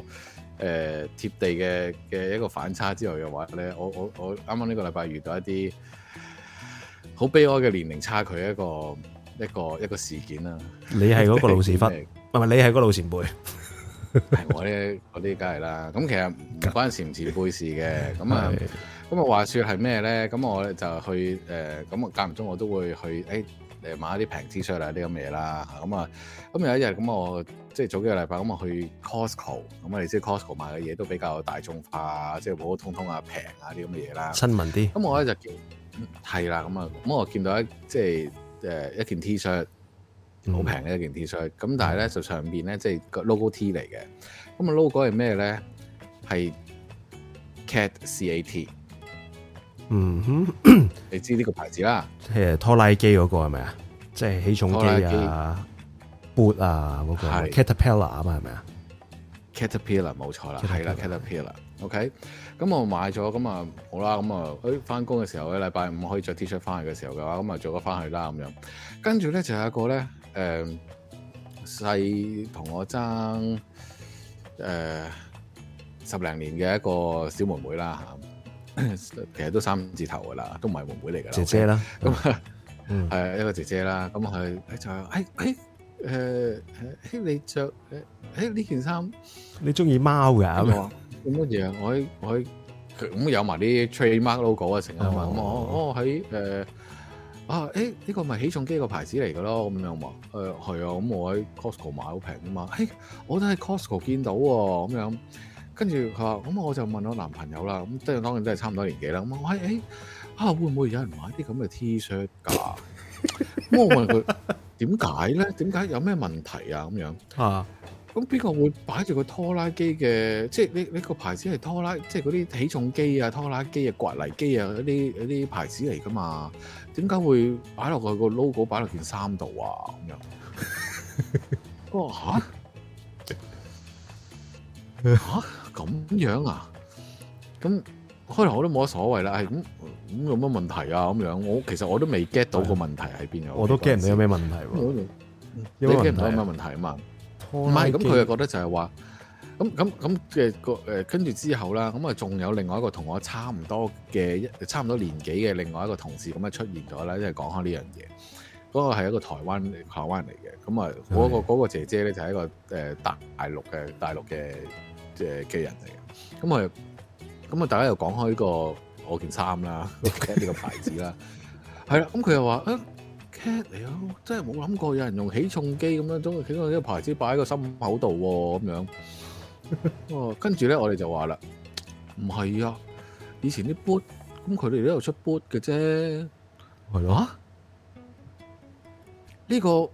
呃、地嘅嘅一個反差之外嘅話咧，我我我啱啱呢個禮拜遇到一啲好悲哀嘅年齡差距一個。一個一個事件啦，你係嗰個老屎忽，唔係你係嗰老前輩，係我咧，嗰啲梗係啦。咁其實唔關前前輩事嘅，咁啊，咁啊，話說係咩咧？咁我咧就去誒，咁我間唔中我都會去誒，買一啲平 T 恤嚟啲咁嘅嘢啦。咁啊，咁有一日咁我即係早幾個禮拜咁我去 Costco，咁啊，你知 Costco 買嘅嘢都比較大眾化，即係普普通通啊，平啊啲咁嘅嘢啦，親民啲。咁我咧就叫係啦，咁啊，咁我見到一即係。誒一件 T 恤好平嘅一件 T 恤，咁但係咧就上邊咧即係 logo T 嚟嘅，咁啊 logo 係咩咧？係 cat c a t。嗯哼， [coughs] 你知呢個牌子啦，即係拖拉機嗰個係咪啊？即、就、係、是、起重機啊，撥啊嗰、那個 Caterpillar 啊嘛係咪啊？Caterpillar 冇錯啦，係啦 Caterpillar。OK，咁我買咗，咁啊好啦，咁啊，誒翻工嘅時候，喺禮拜五可以着 T-shirt 翻去嘅時候嘅話，咁啊着咗翻去啦咁樣。跟住咧就有一個咧，誒細同我爭誒十零年嘅一個小妹妹啦嚇，其實都三字頭噶啦，都唔係妹妹嚟噶啦，姐姐啦，咁係一個姐姐啦，咁佢就係誒誒誒誒，你著誒呢件衫，你中意貓㗎？咁乜嘢？我喺我喺咁有埋啲 trademark logo 啊，成日嘛咁。哦喺誒啊誒，呢、嗯呃哎這個咪起重機個牌子嚟噶咯？咁樣嘛誒係啊，咁、嗯嗯嗯嗯、我喺 Costco 買好平啊嘛。嘿、哎，我都喺 Costco 見到喎。咁樣跟住佢話，咁、嗯嗯、我就問我男朋友啦。咁即係當然真係差唔多年紀啦。咁、嗯、我話誒、哎、啊，會唔會有人買啲咁嘅 T-shirt 噶？咁 [laughs] 我問佢點解咧？點解有咩問題、嗯、啊？咁樣啊。咁邊個會擺住個拖拉機嘅？即係你你個牌子係拖拉，即係嗰啲起重機啊、拖拉機啊、刮泥機啊嗰啲嗰啲牌子嚟噶嘛？點解會擺落佢個 logo 擺落件衫度啊？咁樣我話嚇嚇咁樣啊？咁開頭我都冇乜所謂啦。係咁咁有乜問題啊？咁樣我其實我都未 get 到個問題喺邊度！我都 get 唔到有咩問題喎？你 get 唔到有咩問題啊？嘛？唔係，咁佢又覺得就係話，咁咁咁嘅個誒，跟住之後啦，咁啊仲有另外一個同我差唔多嘅一差唔多年紀嘅另外一個同事咁啊出現咗啦，即係講開呢樣嘢。嗰、那個係一個台灣台灣人嚟嘅，咁啊嗰個姐姐咧就係、是、一個誒、呃、大陸大陸嘅大陸嘅誒嘅人嚟嘅。咁啊咁啊，大家又講開、這個我件衫啦，呢、這個牌子啦，係 [laughs] 啦，咁佢又話啊。貼嚟咯，真係冇諗過有人用起重機咁樣，將呢個牌子擺喺個心口度喎、哦，咁樣。 [laughs] 啊、跟住咧，我哋就話啦，唔係啊，以前啲 boot，咁佢哋都有出 boot 嘅啫，係咯？呢、啊這個唔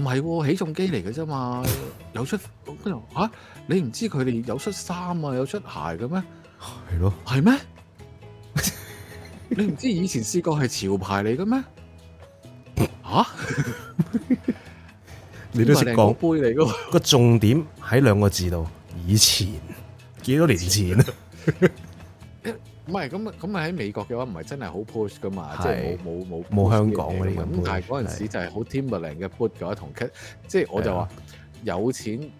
係、啊、起重機嚟嘅啫嘛，有出，跟住吓，你唔知佢哋有出衫啊，有出鞋嘅咩？係咯，係咩？ [laughs] 你唔知以前試過係潮牌嚟嘅咩？啊！ [laughs] 你都識講杯嚟，噶個重點喺兩個字度，以前幾多年前啊，唔係咁咁喺美國嘅話唔係真係好 push 噶嘛，即係冇冇冇香港嗰啲咁，但係嗰陣時就係好 Timberland 嘅 boot 嘅話同即係我就話有錢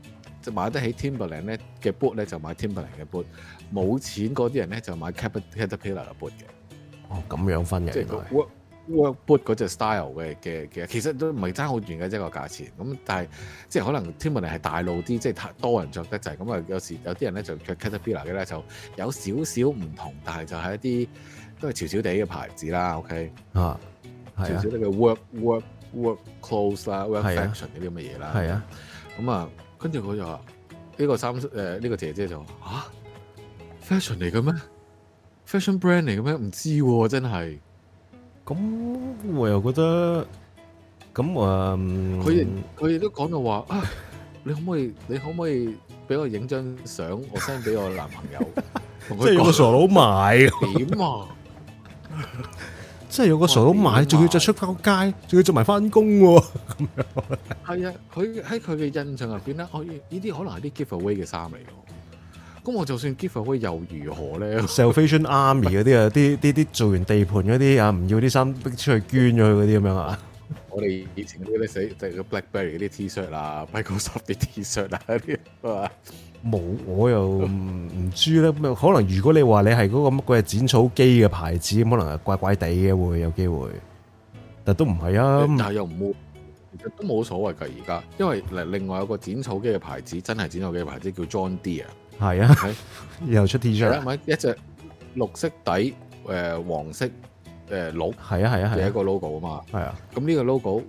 就買得起 Timberland 咧嘅 boot 咧就買 Timberland 嘅 boot，冇錢嗰啲人咧就買 Caterpillar 嘅 boot 嘅，哦咁樣分嘅。work boot 嗰隻 style 嘅嘅嘅，其實都唔係爭好遠嘅一個價錢。咁、嗯、但係即係可能 Timberland 係大路啲，即係太多人着得滯。咁、嗯、啊，有時有啲人咧就著 Caterpillar 嘅咧，就有少少唔同，但係就係一啲都係潮潮地嘅牌子啦。OK 啊，潮潮地嘅 work、啊、work work clothes 啦，work fashion 嗰啲咁嘅嘢啦。係啊，咁啊，跟住佢就話呢、呢個衫誒，呢、呃呢個姐姐就話啊 fashion 嚟嘅咩？fashion brand 嚟嘅咩？唔知喎、啊，真係。咁我又覺得，咁啊，佢佢亦都講到話啊，你可唔可以，你可唔可以俾我影張相，我 send 俾我男朋友，即係有個傻佬買，點啊？即係有個傻佬買，仲要着出翻個街，仲要着埋翻工喎，係啊，佢喺佢嘅印象入邊咧，可以呢啲可能係啲 give away 嘅衫嚟。咁我就算 give away 又如何咧？Salvation Army 嗰啲啊，啲啲啲做完地盤嗰啲啊，唔要啲衫，逼出去捐咗去嗰啲咁樣啊！我哋以前嗰啲死就係個 Blackberry 嗰啲 T-shirt 啊，Microsoft 嘅 T-shirt 啊嗰啲冇，我又唔知咧， [laughs] 可能如果你話你係嗰、嗰個乜鬼係剪草機嘅牌子，可能係怪怪地嘅會有機會，但都唔係啊，但又冇，其實都冇所謂㗎而家，因為另外有個剪草機嘅牌子，真係剪草機嘅牌子叫 John Deere。係啊,啊，又出 T-shirt，咪一隻綠色底誒黃色誒綠，係啊係啊係一個 logo 啊嘛，係啊。咁呢、啊啊啊啊啊啊啊啊、個 logo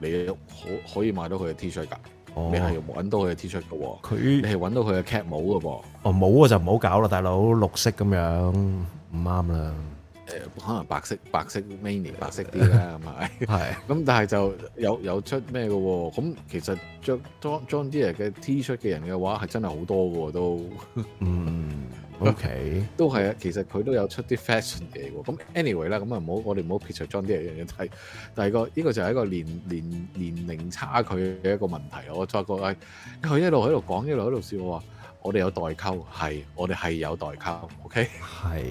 你可可以買到佢嘅 T-shirt 噶、哦、你係搵到佢嘅 T-shirt 噶佢你係搵到佢嘅 cap 帽噶噃？哦冇啊就唔好搞啦，大佬綠色咁樣唔啱啦。誒、呃，可能白色白色 mini 白色啲啦，咁係咪？係。咁但係就有有出咩嘅？咁其實着 John John Deere 嘅 T 恤嘅人嘅話，係真係好多嘅都。嗯，OK，都係啊。其實佢都有出啲 fashion 嘢嘅。咁 anyway 啦，咁啊唔好，我哋唔好撇除 John Deere 嘅。第第二個呢個就係一個年年年齡差距嘅一個問題。我再講係，佢一路喺度講，一路喺度笑我話，我哋有代溝，係，我哋係有代溝。OK，係。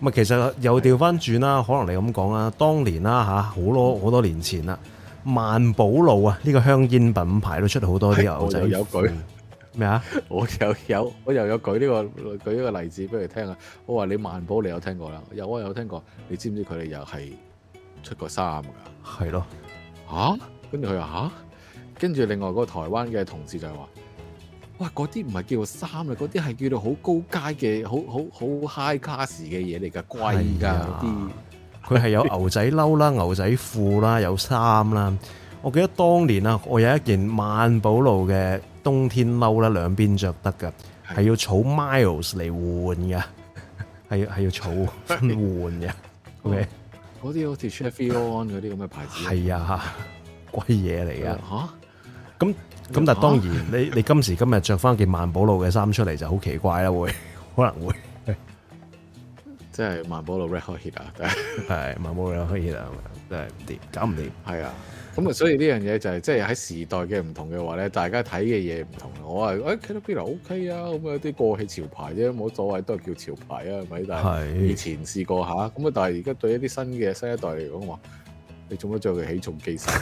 咪其實又調翻轉啦，可能你咁講啦，當年啦嚇，好多好多年前啦，萬寶路啊呢、呢個香煙品牌都出嚟好多啲牛仔的有，有，有，有，有舉咩、這、啊、個？我又有我又有舉呢個舉呢個例子俾你聽啊！我話你萬寶你有聽過啦，有啊有聽過，你知唔知佢哋又係出過衫㗎？係咯，嚇、啊！跟住佢話嚇，跟、啊、住另外個台灣嘅同事就係話。哇！嗰啲唔係叫做衫啊，嗰啲係叫做好高階嘅、好好好 high class 嘅嘢嚟㗎，貴㗎啲。佢係有牛仔褸啦、 [laughs] 牛仔褲啦、有衫啦。我記得當年啊，我有一件萬寶路嘅冬天褸啦，兩邊着得㗎，係、啊、要儲 miles 嚟換㗎，係要係要儲換㗎的。 [laughs] O.K. 嗰啲好似 Chevignon 嗰啲咁嘅牌子，係啊，貴嘢嚟㗎嚇。咁、啊。啊咁但係當然你，你你今時今日着翻件萬寶路嘅衫出嚟就好奇怪啦，會可能會，即係萬寶路 red hot 啊，係萬寶路 red hot 啊，真係唔掂，搞唔掂，係啊，咁啊，所以呢樣嘢就係即係喺時代嘅唔同嘅話咧，大家睇嘅嘢唔同。我係誒 k e e OK 啊，咁啊啲過氣潮牌啫，冇所謂，都係叫潮牌啊，係咪？但係以前試過下，咁啊，但係而家對一啲新嘅新一代嚟講，話你做乜着佢起重機衫？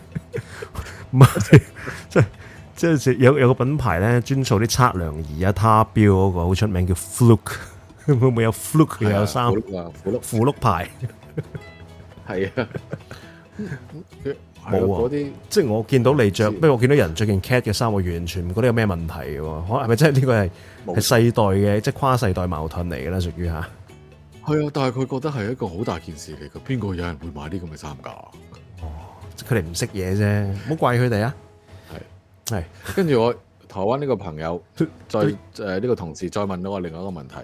[laughs] 唔係，即係即係有有個品牌咧，專做啲測量儀啊，他標嗰、那個好出名，叫 Fluke。唔 [laughs] 冇有，有，有 Fluke 有衫？啊，富祿牌，係 [laughs] 是啊，冇 [laughs] 是啊。啲 [laughs] 啊、即係我見到你着，不過咩？我見到人最近 cat 嘅衫，我完全唔覺得有咩問題噶、啊。可係咪即係呢個係係世代嘅，即係跨世代矛盾嚟嘅咧？屬於吓，係啊。但係佢覺得係一個好大件事嚟嘅。邊個有人會買啲咁嘅衫噶？佢哋唔識嘢啫，唔好怪佢哋啊！係係，跟住我台灣呢個朋友，再誒呢個同事再問到我另外一個問題，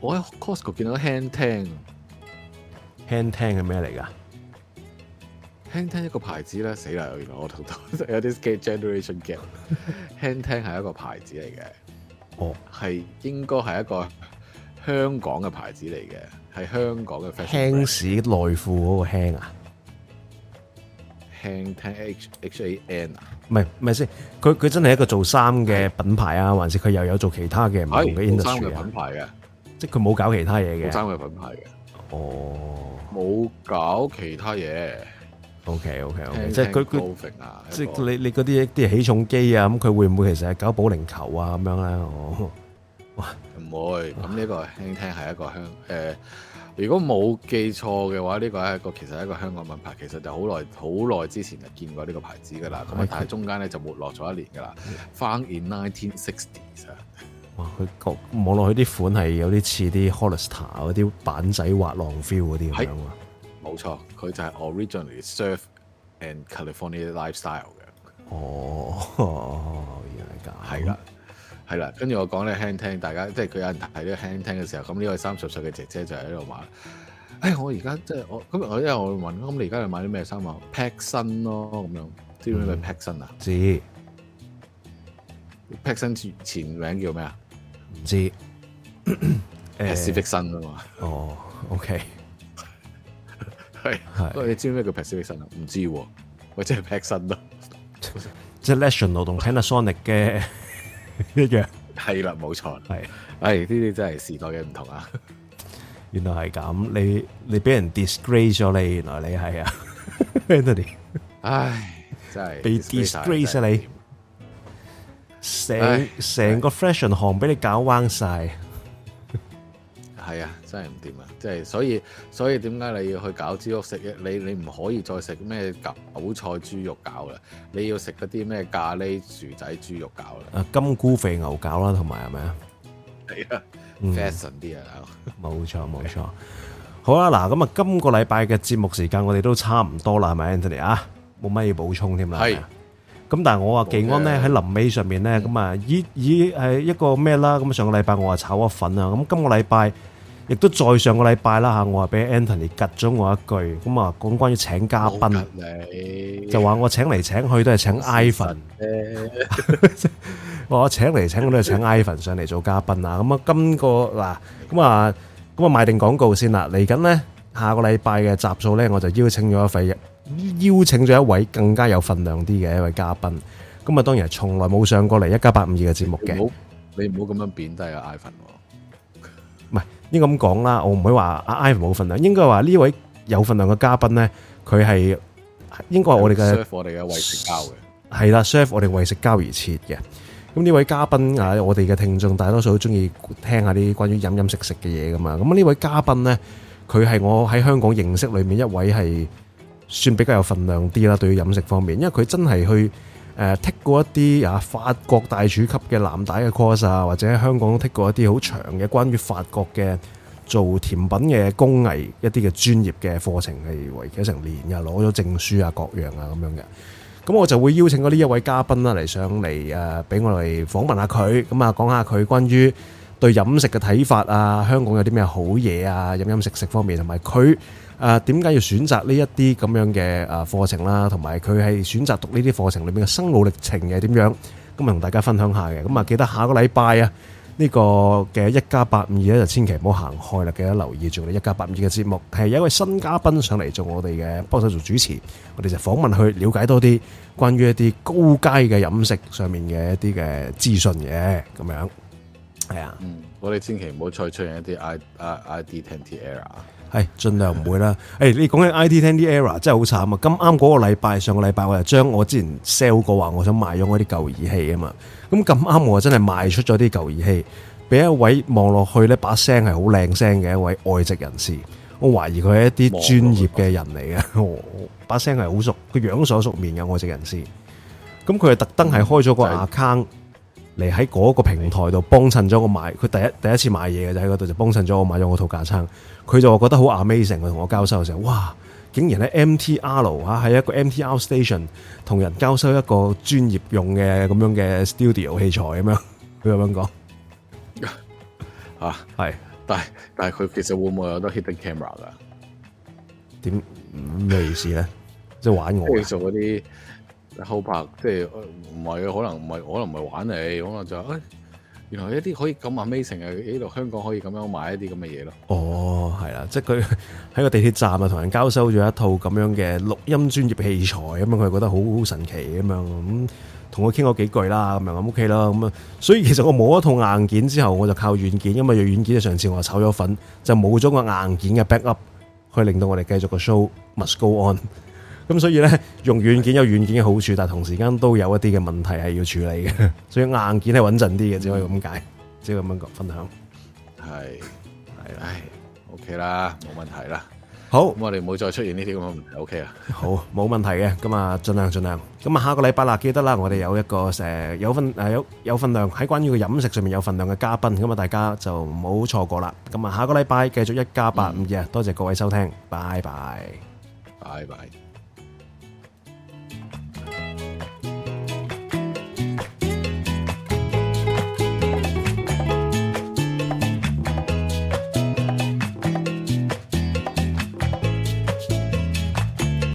我喺 Costco 見到 hand tank，hand tank 係咩嚟噶？hand tank 一個牌子咧，死啦！原來我同佢有啲 skate generation gap，hand tank 係一個牌子嚟嘅，哦，係應該係一個香港嘅牌子嚟嘅，係香港嘅 fashion，輕屎內褲嗰個輕啊！聽聽 H H A N 啊？唔係唔係，先，佢佢真係一個做衫嘅品牌啊，還是佢又有做其他嘅唔同嘅 industry 嘅品牌啊？即係佢冇搞其他嘢嘅，冇衫嘅品牌嘅，哦，冇搞其他嘢。OK OK OK，即係佢佢，即係你你嗰啲啲起重機啊，咁佢會唔會其實係搞保齡球啊咁樣咧？我哇，唔會。咁呢個聽聽係一個香誒。如果冇記錯嘅話，呢個係一個其實一個香港品牌，其實就好耐好耐之前就見過呢個牌子㗎啦。咁但係中間咧就沒落咗一年㗎啦。嗯、Founded in 1960，其實。哇，佢個網絡佢啲款係有啲似啲 Hollister 嗰啲板仔滑浪 feel 嗰啲咁啊。冇錯，佢就係 originally surf and California lifestyle 嘅。哦，原來係㗎，係啦。係啦，跟住我講咧輕聽，大家即係佢有人睇呢個輕聽嘅時候，咁呢位三十歲嘅姐姐就喺度話：唉、哎，我而家即係我咁，我因為我問啦，咁你而家又買啲咩衫啊？pack 身咯，咁樣知唔知咩 pack 身啊？知，pack 身前前名叫咩啊？唔知，Pacific 身啊嘛？哦，OK，係係。不 [laughs] 過你知唔知咩叫 Pacific 身啊？唔知喎，我即係 pack 身咯，即係 National 同 Panasonic 嘅。一樣係啦，冇錯，係係呢啲真係時代嘅唔同啊！原來係咁，你你俾人 disgrace 咗你，原來你係啊，Anthony，唉，真係被 disgrace 啊你，成成個 fashion 行俾你搞彎晒。係啊，真係唔掂啊！即係所以，所以點解你要去餃子屋食？你你唔可以再食咩韭菜豬肉餃啦！你要食嗰啲咩咖喱薯仔豬肉餃啦！誒，金菇肥牛餃啦，同埋係咪啊？係啊，fashion 啲啊！冇錯冇錯， [laughs] 好啦，嗱咁啊，今個禮拜嘅節目時間我哋都差唔多啦，係咪 Anthony 啊？冇乜要補充添啦。係。咁但係我話技安咧喺臨尾上面咧咁啊，以以係一個咩啦？咁上個禮拜我話炒阿粉啊，咁今個禮拜。亦都再上個禮拜啦嚇，我話俾 Anthony 吉咗我一句，咁啊講關於請嘉賓，就話我請嚟請去都係請 Ivan，我請嚟請去都係請 Ivan 上嚟做嘉賓啊！咁啊，今個嗱咁啊咁啊賣定廣告先啦。嚟緊咧下個禮拜嘅集數咧，我就邀請咗一位，邀請咗一位更加有份量啲嘅一位嘉賓。咁啊當然係從來冇上過嚟一加八五二嘅節目嘅，你唔好咁樣貶低啊 Ivan。應該咁講啦，我唔會話阿 Ivan 冇份量，應該話呢位有份量嘅嘉賓咧，佢係應該係我哋嘅 serve 我哋嘅為食交嘅，係啦，serve 我哋為食交而設嘅。咁呢位嘉賓啊，我哋嘅聽眾大多數都中意聽下啲關於飲飲食食嘅嘢噶嘛。咁呢位嘉賓咧，佢係我喺香港認識裏面一位係算比較有份量啲啦，對於飲食方面，因為佢真係去。誒剔過一啲啊法國大廚級嘅藍帶嘅 course 啊，或者香港都剔過一啲好長嘅關於法國嘅做甜品嘅工藝一啲嘅專業嘅課程，係為期成年又攞咗證書啊各樣啊咁樣嘅。咁我就會邀請嗰呢一位嘉賓啦嚟上嚟誒，俾我嚟訪問下佢，咁啊講下佢關於對飲食嘅睇法啊，香港有啲咩好嘢啊，飲飲食食方面同埋佢。啊，點解要選擇呢一啲咁樣嘅啊課程啦、啊？同埋佢係選擇讀呢啲課程裏面嘅生路歷程嘅點樣？咁啊，同大家分享下嘅。咁啊，記得下個禮拜啊，這個、呢個嘅一家八五二咧，就千祈唔好行開啦，記得留意住我哋一家八五二嘅節目。係有一位新嘉賓上嚟做我哋嘅幫手做主持，我哋就訪問佢，了解多啲關於一啲高階嘅飲食上面嘅一啲嘅資訊嘅咁樣。係啊、嗯，我哋千祈唔好再出現一啲 I I, I I D Ten T Error 係、哎、盡量唔會啦。誒、哎，你講緊 I T 聽啲 error 真係好慘啊！咁啱嗰個禮拜，上個禮拜我就將我之前 sell 過話我想賣咗嗰啲舊儀器啊嘛。咁咁啱我真係賣出咗啲舊儀器，俾一位望落去呢把聲係好靚聲嘅一位外籍人士。我懷疑佢係一啲專業嘅人嚟嘅，哦、把聲係好熟，佢樣所熟面嘅外籍人士。咁佢係特登係開咗個 account。嚟喺嗰個平台度幫襯咗我買，佢第一第一次買嘢嘅就喺嗰度就幫襯咗我買咗我套架撐，佢就覺得好 Amazing。佢同我交收嘅時候，哇！竟然咧 MTR 啊，喺一個 MTR station 同人交收一個專業用嘅咁樣嘅 studio 器材咁樣，佢有冇咁講？啊，係，但係但係佢其實會唔會有得 hidden camera 㗎？點咩意思咧？即 [laughs] 係玩我做啲。後白，即係唔係可能唔係，可能唔係玩你。可能就係、誒、原來一啲可以咁 amazing 啊！呢度香港可以咁樣買一啲咁嘅嘢咯。哦，係啦，即係佢喺個地鐵站啊，同人交收咗一套咁樣嘅錄音專業器材，咁樣佢覺得好好神奇咁、嗯、樣。咁同佢傾過幾句啦，咁又話 OK 啦。咁啊，所以其實我冇一套硬件之後，我就靠軟件。因為軟件上次我炒咗粉，就冇咗個硬件嘅 backup，可以令到我哋繼續個 show must go on。咁所以咧，用軟件有軟件嘅好處，但係同時間都有一啲嘅問題係要處理嘅。所以硬件係穩陣啲嘅，只可以咁解，只可以咁樣講分享。係係，唉，OK 啦，冇問題啦。好，咁我哋唔好再出現呢啲咁嘅問題，OK 啦。好，冇問題嘅，咁啊，盡量盡量。咁啊，下個禮拜嗱，記得啦，我哋有一個成有份有有份量喺關於個飲食上面有份量嘅嘉賓，咁啊，大家就唔好錯過啦。咁啊，下個禮拜繼續一加八五二，唔錯啊！多謝各位收聽，拜拜，拜拜。